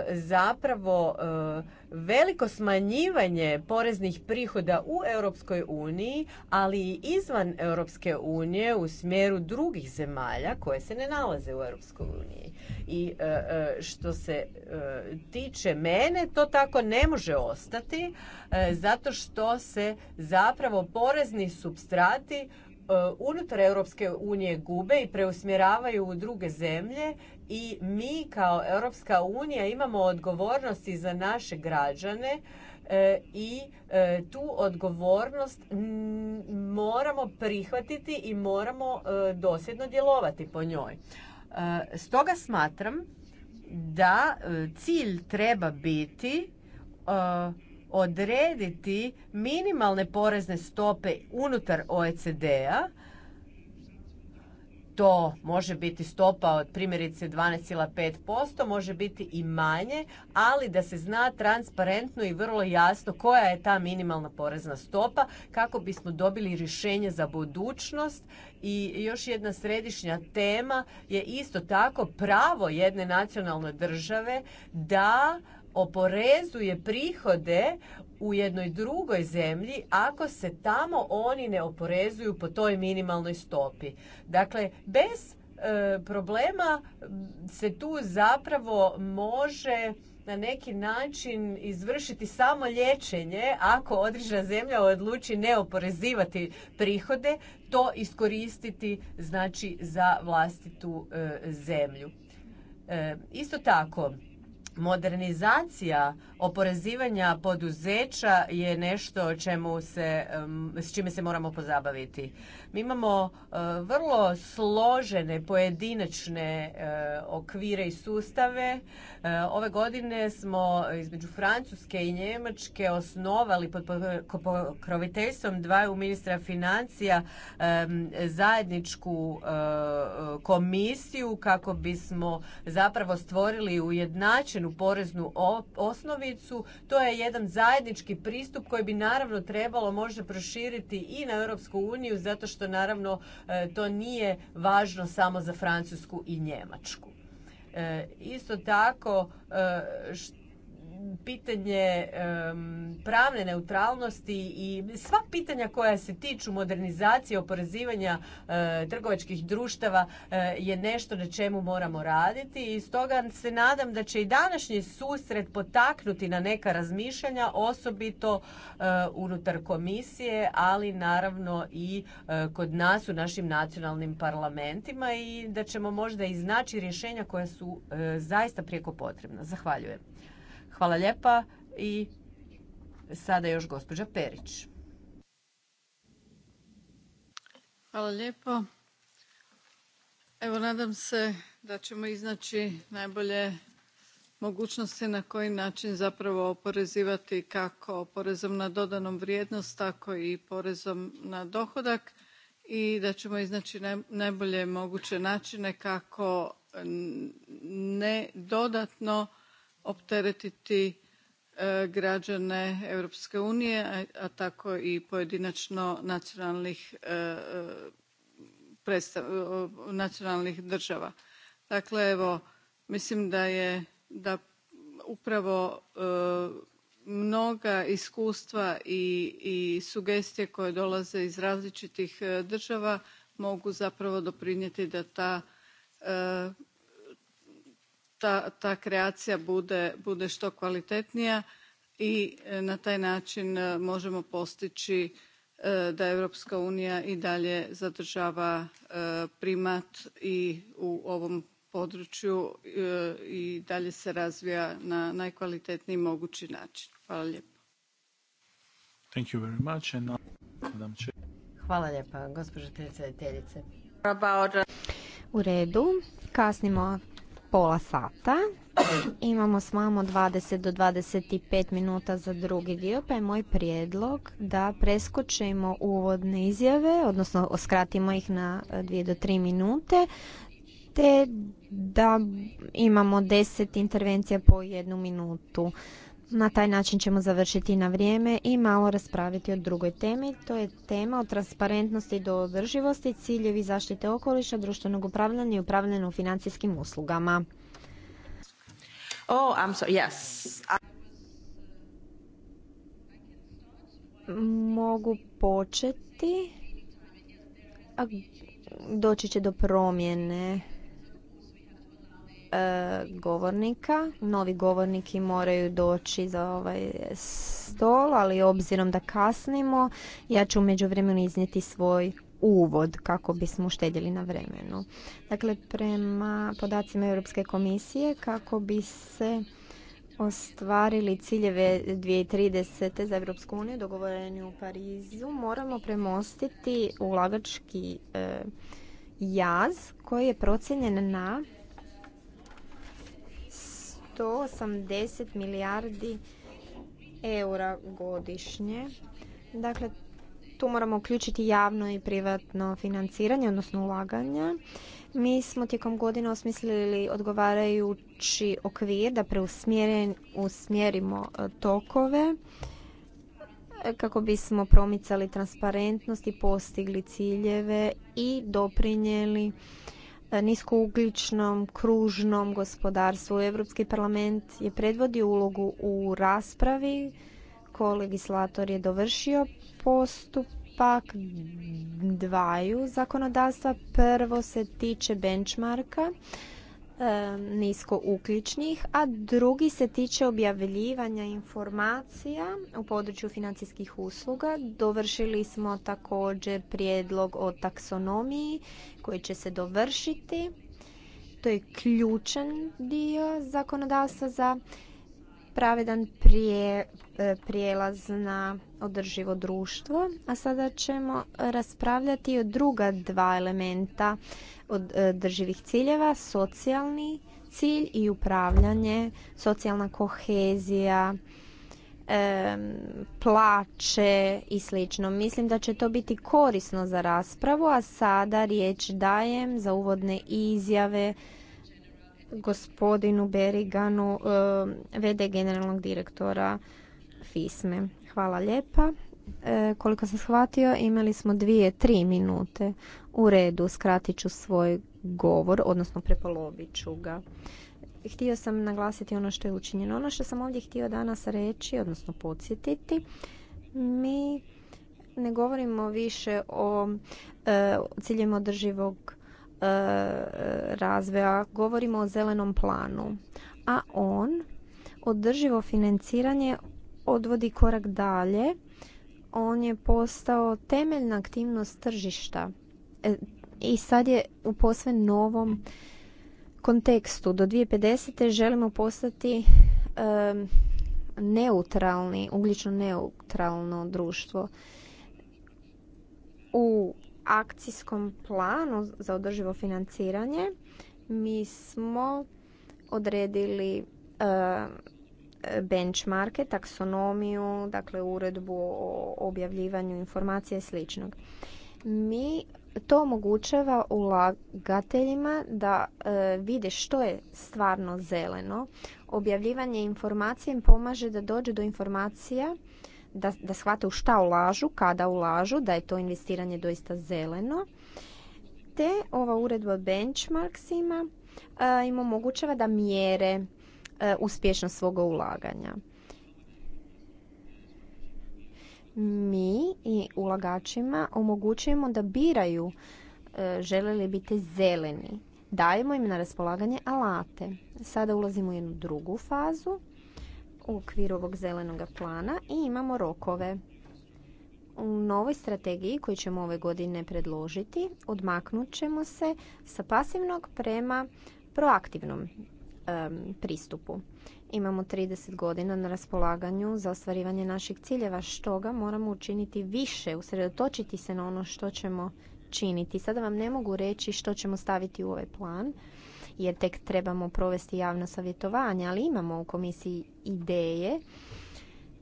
e, zapravo e, veliko smanjivanje poreznih prihoda u Europskoj uniji, ali i izvan Europske unije u smjeru drugih zemalja koje se ne nalaze u Europskoj uniji. I e, što se tiče mene, to tako ne može ostati zato što se zapravo porezni substrati unutar Europske unije gube i preusmjeravaju u druge zemlje i mi kao Europska unija imamo odgovornosti za naše građane e, i e, tu odgovornost moramo prihvatiti i moramo e, dosljedno djelovati po njoj. Stoga smatram da cilj treba biti odrediti minimalne porezne stope unutar OECD-a to može biti stopa od primjerice 12,5%, može biti i manje, ali da se zna transparentno i vrlo jasno koja je ta minimalna porezna stopa kako bismo dobili rješenje za budućnost i još jedna središnja tema je isto tako pravo jedne nacionalne države da oporezuje prihode u jednoj drugoj zemlji ako se tamo oni ne oporezuju po toj minimalnoj stopi. Dakle, bez e, problema se tu zapravo može na neki način izvršiti samo liječenje ako određena zemlja odluči ne oporezivati prihode, to iskoristiti znači za vlastitu e, zemlju. E, isto tako, Modernizacija oporezivanja poduzeća je nešto čemu se, s čime se moramo pozabaviti. Mi imamo e, vrlo složene pojedinačne e, okvire i sustave. E, ove godine smo između Francuske i Njemačke osnovali pod pokroviteljstvom dvaju ministra financija zajedničku komisiju kako bismo zapravo stvorili ujednačenu poreznu osnovicu. To je jedan zajednički pristup koji bi naravno trebalo možda proširiti i na Europsku uniju zato što naravno e, to nije važno samo za Francusku i Njemačku. E, isto tako e, što pitanje pravne neutralnosti i sva pitanja koja se tiču modernizacije, oporezivanja e, trgovačkih društava e, je nešto na čemu moramo raditi i stoga se nadam da će i današnji susret potaknuti na neka razmišljanja, osobito e, unutar komisije, ali naravno i kod nas u našim nacionalnim parlamentima i da ćemo možda iznaći rješenja koja su zaista prijeko potrebna. Zahvaljujem. Hvala lijepa i sada još gospođa Perić. Hvala lijepo. Evo nadam se da ćemo iznaći najbolje mogućnosti na koji način zapravo oporezivati kako porezom na dodanom vrijednost, tako i porezom na dohodak i da ćemo iznaći najbolje moguće načine kako ne dodatno opteretiti e, građane Europske unije, a tako i pojedinačno nacionalnih, e, e, nacionalnih država. Dakle, evo, mislim da je da upravo mnoga iskustva i, i sugestije koje dolaze iz različitih država mogu zapravo doprinijeti da ta ta, kreacija bude, bude što kvalitetnija i e, na taj način e, možemo postići e, da Europska unija i dalje zadržava primat i u ovom području i dalje se razvija na najkvalitetniji mogući način. Hvala lijepo. Thank you very much. Hvala lijepa, gospođo predsjedateljice. Uh, u redu, kasnimo pola sata. Imamo s vama 20 do 25 minuta za drugi dio, pa je moj prijedlog da preskočimo uvodne izjave, odnosno oskratimo ih na 2 e, do 3 minute, te da imamo 10 intervencija po jednu minutu. Na taj način ćemo završiti na vrijeme i malo raspraviti o drugoj temi. To je tema o transparentnosti do održivosti, ciljevi zaštite okoliša, društvenog upravljanja i upravljanja u financijskim uslugama. Oh, Mogu početi. Doći će do promjene E, govornika. Novi govorniki moraju doći za ovaj stol, ali obzirom da kasnimo, ja ću umeđu vremenu iznijeti svoj uvod kako bismo uštedjeli na vremenu. Dakle, prema podacima Europske komisije, kako bi se ostvarili ciljeve 2030. za Europsku uniju dogovoreni u Parizu, moramo premostiti ulagački e, jaz koji je procijenjen na 180 milijardi eura godišnje. Dakle, tu moramo uključiti javno i privatno financiranje, odnosno ulaganja. Mi smo tijekom godina osmislili odgovarajući okvir da preusmjerimo e, tokove e, kako bismo promicali transparentnost i postigli ciljeve i doprinijeli E, niskougličnom, kružnom gospodarstvu. Europski parlament je predvodio ulogu u raspravi. Kolegislator je dovršio postupak dvaju zakonodavstva. Prvo se tiče benchmarka E, nisko uključnih, a drugi se tiče objavljivanja informacija u području financijskih usluga. Dovršili smo također prijedlog o taksonomiji koji će se dovršiti. To je ključan dio zakonodavstva za pravedan prije, e, prijelaz na održivo društvo. A sada ćemo raspravljati o druga dva elementa održivih e, ciljeva, socijalni cilj i upravljanje, socijalna kohezija, e, plaće i slično. Mislim da će to biti korisno za raspravu, a sada riječ dajem za uvodne izjave gospodinu Beriganu, eh, VD generalnog direktora FISME. Hvala lijepa. Eh, koliko sam shvatio, imali smo dvije, tri minute u redu. Skratit ću svoj govor, odnosno prepolovit ću ga. Htio sam naglasiti ono što je učinjeno. Ono što sam ovdje htio danas reći, odnosno podsjetiti, mi ne govorimo više o e, održivog E, razvoja, govorimo o zelenom planu, a on održivo financiranje odvodi korak dalje. On je postao temeljna aktivnost tržišta e, i sad je u posve novom kontekstu. Do 2050. želimo postati e, neutralni, ugljično neutralno društvo. U akcijskom planu za održivo financiranje mi smo odredili eh, benchmarke, taksonomiju, dakle uredbu o objavljivanju informacija i sl. Mi to omogućava ulagateljima da eh, vide što je stvarno zeleno. Objavljivanje informacija im pomaže da dođe do informacija da, da shvate u šta ulažu, kada ulažu, da je to investiranje doista zeleno. Te ova uredba Benchmarks benchmarksima eh, im omogućava da mjere eh, uspješnost svoga ulaganja. Mi i ulagačima omogućujemo da biraju eh, žele li biti zeleni. Dajemo im na raspolaganje alate. Sada ulazimo u jednu drugu fazu u okviru ovog zelenog plana i imamo rokove. U novoj strategiji koju ćemo ove godine predložiti odmaknut ćemo se sa pasivnog prema proaktivnom pristupu. Imamo 30 godina na raspolaganju za ostvarivanje naših ciljeva, što ga moramo učiniti više, usredotočiti se na ono što ćemo činiti. Sada vam ne mogu reći što ćemo staviti u ovaj plan, jer tek trebamo provesti javno savjetovanje, ali imamo u komisiji ideje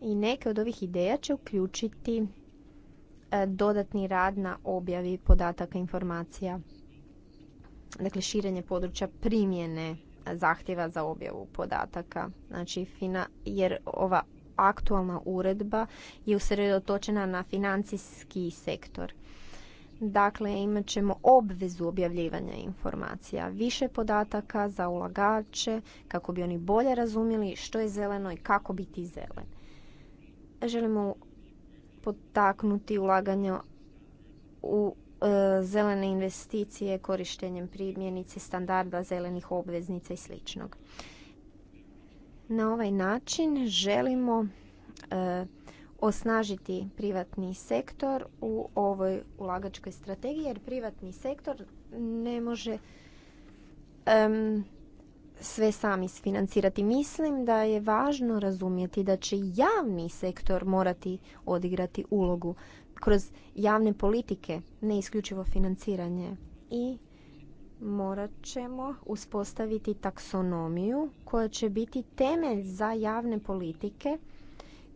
i neke od ovih ideja će uključiti e, dodatni rad na objavi podataka informacija. Dakle, širenje područja primjene zahtjeva za objavu podataka. Znači, fina, jer ova aktualna uredba je usredotočena na financijski sektor. Dakle, imat ćemo obvezu objavljivanja informacija, više podataka za ulagače kako bi oni bolje razumjeli što je zeleno i kako biti zelen. Želimo potaknuti ulaganje u e, zelene investicije korištenjem primjenice standarda zelenih obveznica i sl. Na ovaj način želimo e, osnažiti privatni sektor u ovoj ulagačkoj strategiji jer privatni sektor ne može sve sami sfinancirati. Mislim da je važno razumjeti da će javni sektor morati odigrati ulogu kroz javne politike, ne isključivo financiranje. I morat ćemo uspostaviti taksonomiju koja će biti temelj za javne politike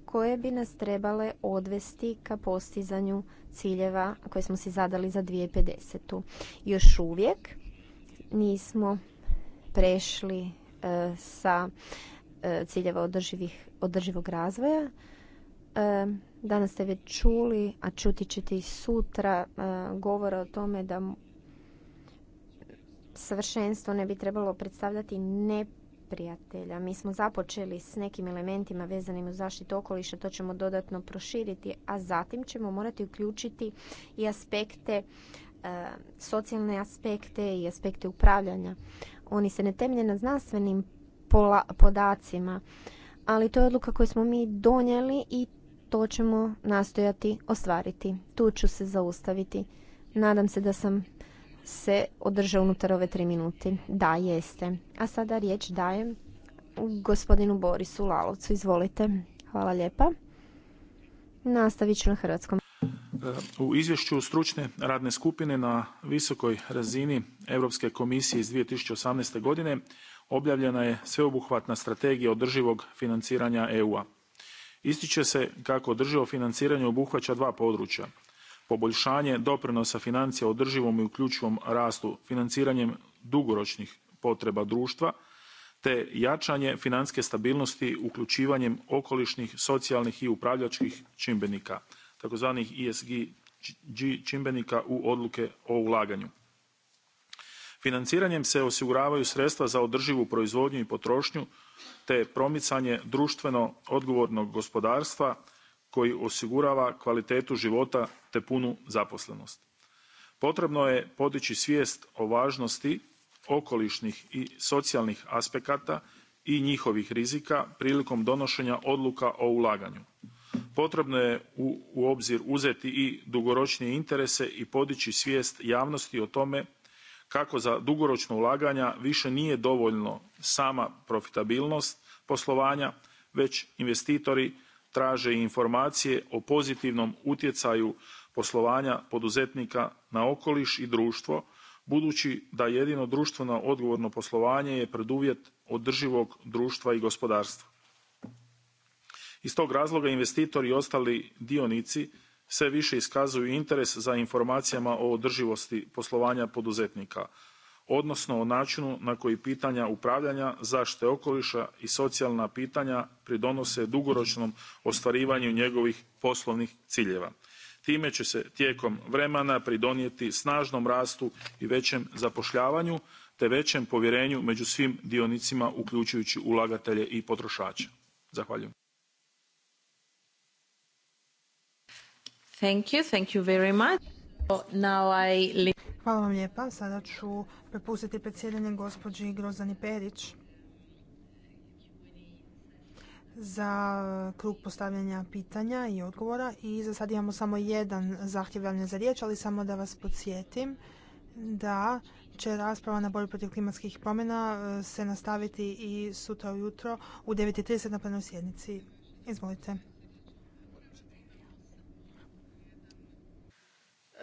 koje bi nas trebale odvesti ka postizanju ciljeva koje smo si zadali za 2050. Još uvijek nismo prešli e, sa e, ciljeva održivog razvoja. E, danas ste već čuli, a čuti ćete i sutra govora o tome da savršenstvo ne bi trebalo predstavljati ne prijatelja. Mi smo započeli s nekim elementima vezanim uz zaštitu okoliša, to ćemo dodatno proširiti, a zatim ćemo morati uključiti i aspekte e, socijalne aspekte i aspekte upravljanja. Oni se ne temelje na znanstvenim podacima, ali to je odluka koju smo mi donijeli i to ćemo nastojati ostvariti. Tu ću se zaustaviti. Nadam se da sam se održe unutar ove tri minute. Da, jeste. A sada riječ dajem gospodinu Borisu Lalovcu. Izvolite. Hvala lijepa. Nastavit ću na hrvatskom. U izvješću stručne radne skupine na visokoj razini Europske komisije iz 2018. godine objavljena je sveobuhvatna strategija održivog financiranja EU-a. Ističe se kako održivo financiranje obuhvaća dva područja – poboljšanje doprinosa financija održivom i uključivom rastu financiranjem dugoročnih potreba društva te jačanje financijske stabilnosti uključivanjem okolišnih, socijalnih i upravljačkih čimbenika, takozvanih ESG čimbenika u odluke o ulaganju. Financiranjem se osiguravaju sredstva za održivu proizvodnju i potrošnju te promicanje društveno odgovornog gospodarstva koji osigurava kvalitetu života te punu zaposlenost. Potrebno je podići svijest o važnosti okolišnih i socijalnih aspekata i njihovih rizika prilikom donošenja odluka o ulaganju. Potrebno je u, obzir uzeti i dugoročnije interese i podići svijest javnosti o tome kako za dugoročno ulaganja više nije dovoljno sama profitabilnost poslovanja, već investitori traže informacije o pozitivnom utjecaju poslovanja poduzetnika na okoliš i društvo budući da jedino društveno odgovorno poslovanje je preduvjet održivog društva i gospodarstva. iz tog razloga investitori i ostali dionici sve više iskazuju interes za informacijama o održivosti poslovanja poduzetnika odnosno o načinu na koji pitanja upravljanja zaštite okoliša i socijalna pitanja pridonose dugoročnom ostvarivanju njegovih poslovnih ciljeva time će se tijekom vremena pridonijeti snažnom rastu i većem zapošljavanju te većem povjerenju među svim dionicima uključujući ulagatelje i potrošače. Zahvaljujem. Thank you, thank you very much. Now I... Hvala vam lijepa. Sada ću prepustiti predsjedanje gospođi Grozani Perić za krug postavljanja pitanja i odgovora i za sad imamo samo jedan zahtjev je za riječ, ali samo da vas podsjetim da će rasprava na borbi protiv klimatskih promjena e, se nastaviti i sutra ujutro u 9.30 na plenoj sjednici. Izvolite.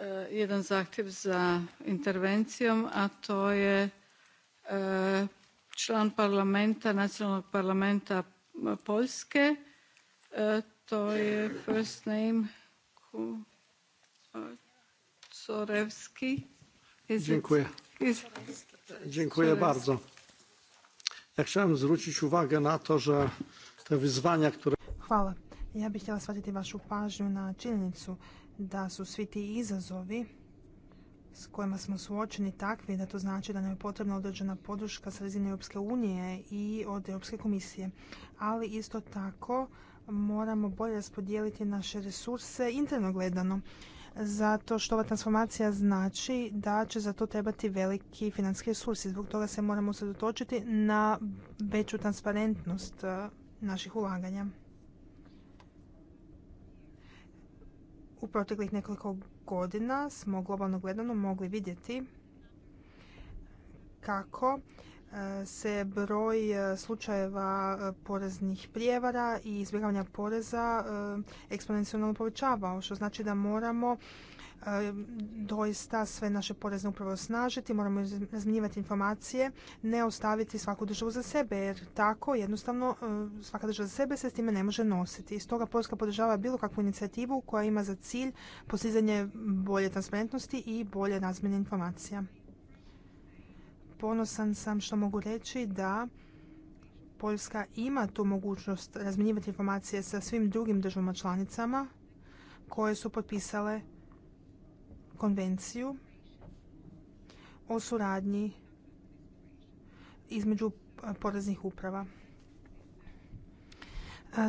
E, jedan zahtjev za intervencijom, a to je e, član parlamenta, nacionalnog parlamenta Poljske. E, to je first name Sorewski. Dziękuję. Dziękuję bardzo. Ja chciałem zwrócić uwagę na to, że te wyzwania, które... Hvala. Ja bih htjela shvatiti vašu pažnju na činjenicu da su svi ti izazovi s kojima smo suočeni takvi da to znači da nam je potrebna određena podrška s razine Europske unije i od Europske komisije. Ali isto tako moramo bolje raspodijeliti naše resurse interno gledano zato što ova transformacija znači da će za to trebati veliki financijski resursi. Zbog toga se moramo usredotočiti na veću transparentnost eh, naših ulaganja. u proteklih nekoliko godina smo globalno gledano mogli vidjeti kako e, se broj e, slučajeva e, poreznih prijevara i izbjegavanja poreza eksponencijalno povećavao, što znači da moramo doista sve naše porezne uprave osnažiti, moramo razminjivati informacije, ne ostaviti svaku državu za sebe, jer tako jednostavno e, svaka država za sebe se s time ne može nositi. toga Poljska podržava bilo kakvu inicijativu koja ima za cilj postizanje bolje transparentnosti i bolje razmjene informacija. Ponosan sam što mogu reći da Poljska ima tu mogućnost razmjenjivati informacije sa svim drugim državama članicama koje su potpisale konvenciju o suradnji između poreznih uprava.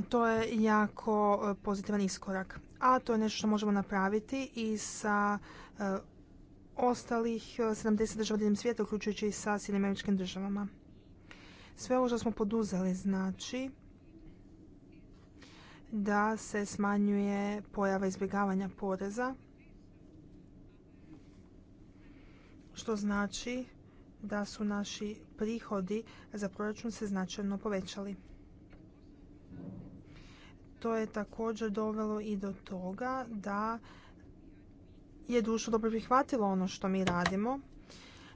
To je jako pozitivan iskorak, a to je nešto što možemo napraviti i sa ostalih 70 država diljem svijeta, uključujući i sa Sjedinim državama. Sve ovo što smo poduzeli znači da se smanjuje pojava izbjegavanja poreza što znači da su naši prihodi za proračun se značajno povećali. To je također dovelo i do toga da je društvo dobro prihvatilo ono što mi radimo.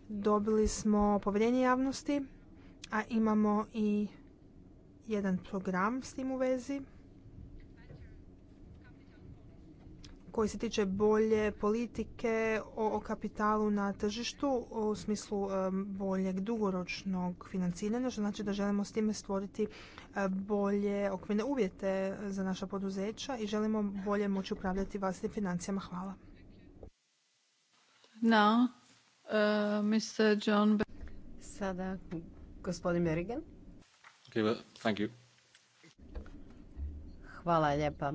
Dobili smo povjerenje javnosti, a imamo i jedan program s tim u vezi. koji se tiče bolje politike o kapitalu na tržištu u smislu e, boljeg dugoročnog financiranja, što znači da želimo s time stvoriti e, bolje okvirne uvjete za naša poduzeća i želimo bolje moći upravljati vlastitim financijama. Hvala. Now, uh, Mr. John... Sada gospodin thank you. Hvala lijepa.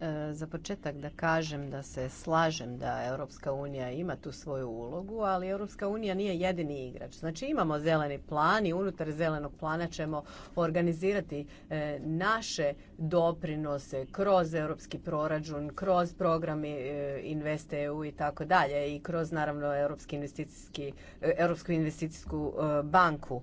E, za početak da kažem da se slažem da Europska unija ima tu svoju ulogu, ali Europska unija nije jedini igrač. Znači imamo zeleni plan i unutar zelenog plana ćemo organizirati e, naše doprinose kroz europski proračun, kroz programi e, InvestEU i tako dalje i kroz naravno investicijski, Europsku investicijsku banku.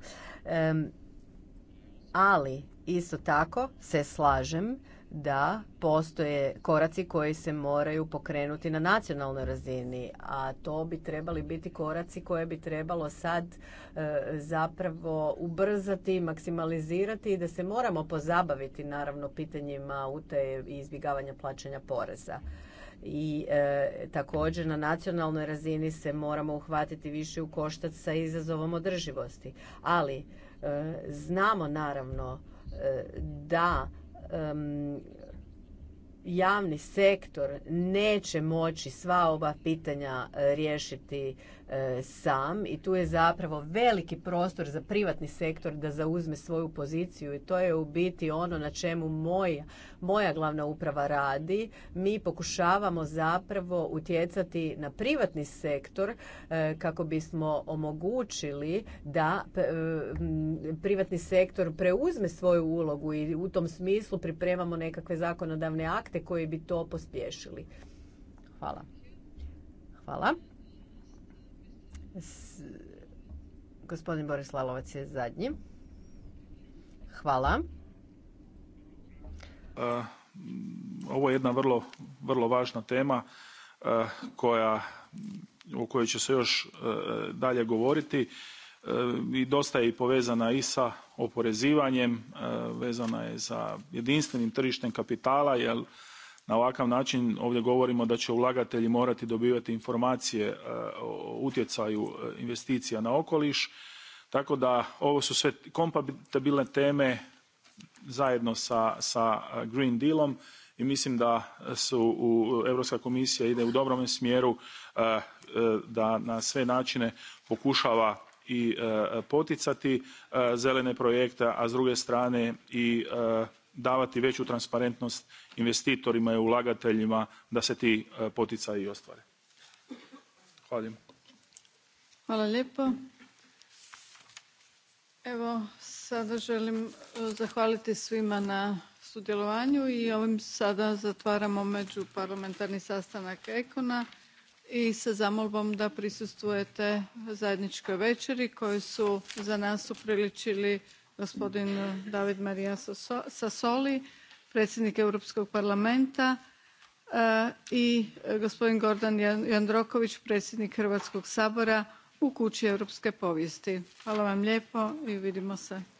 Ali isto tako se slažem da postoje koraci koji se moraju pokrenuti na nacionalnoj razini, a to bi trebali biti koraci koje bi trebalo sad e, zapravo ubrzati, maksimalizirati i da se moramo pozabaviti naravno pitanjima utaje i izbjegavanja plaćanja poreza i e, također na nacionalnoj razini se moramo uhvatiti više u koštac sa izazovom održivosti ali e, znamo naravno da javni sektor neće moći sva ova pitanja e, riješiti E, sam i tu je zapravo veliki prostor za privatni sektor da zauzme svoju poziciju i to je u biti ono na čemu moja, moja glavna uprava radi. Mi pokušavamo zapravo utjecati na privatni sektor e, kako bismo omogućili da e, privatni sektor preuzme svoju ulogu i u tom smislu pripremamo nekakve zakonodavne akte koji bi to pospješili. Hvala. Hvala gospodin Boris Lalovac je zadnji. Hvala. E, ovo je jedna vrlo, vrlo važna tema e, koja, o kojoj će se još e, dalje govoriti i dosta je i povezana i sa oporezivanjem, vezana je za jedinstvenim tržištem kapitala, jer na ovakav način ovdje govorimo da će ulagatelji morati dobivati informacije e, o utjecaju e, investicija na okoliš, tako da ovo su sve kompatibilne teme zajedno sa, e, Green Dealom i mislim da su u, Europska komisija ide u dobrom smjeru da na sve načine pokušava i poticati zelene projekte, a s druge strane i davati veću transparentnost investitorima i ulagateljima da se ti e, poticaji i ostvare. Hvala. Hvala lijepo. Evo, sada želim e, zahvaliti svima na sudjelovanju i ovim sada zatvaramo parlamentarni sastanak Ekona i sa zamolbom da prisustvujete zajedničkoj večeri koji su za nas upriličili gospodin eh, David Marija Sassoli, predsjednik Europskog parlamenta eh, i eh, gospodin Gordan Jandroković, predsjednik Hrvatskog sabora u kući europske povijesti. Hvala vam lijepo i vidimo se.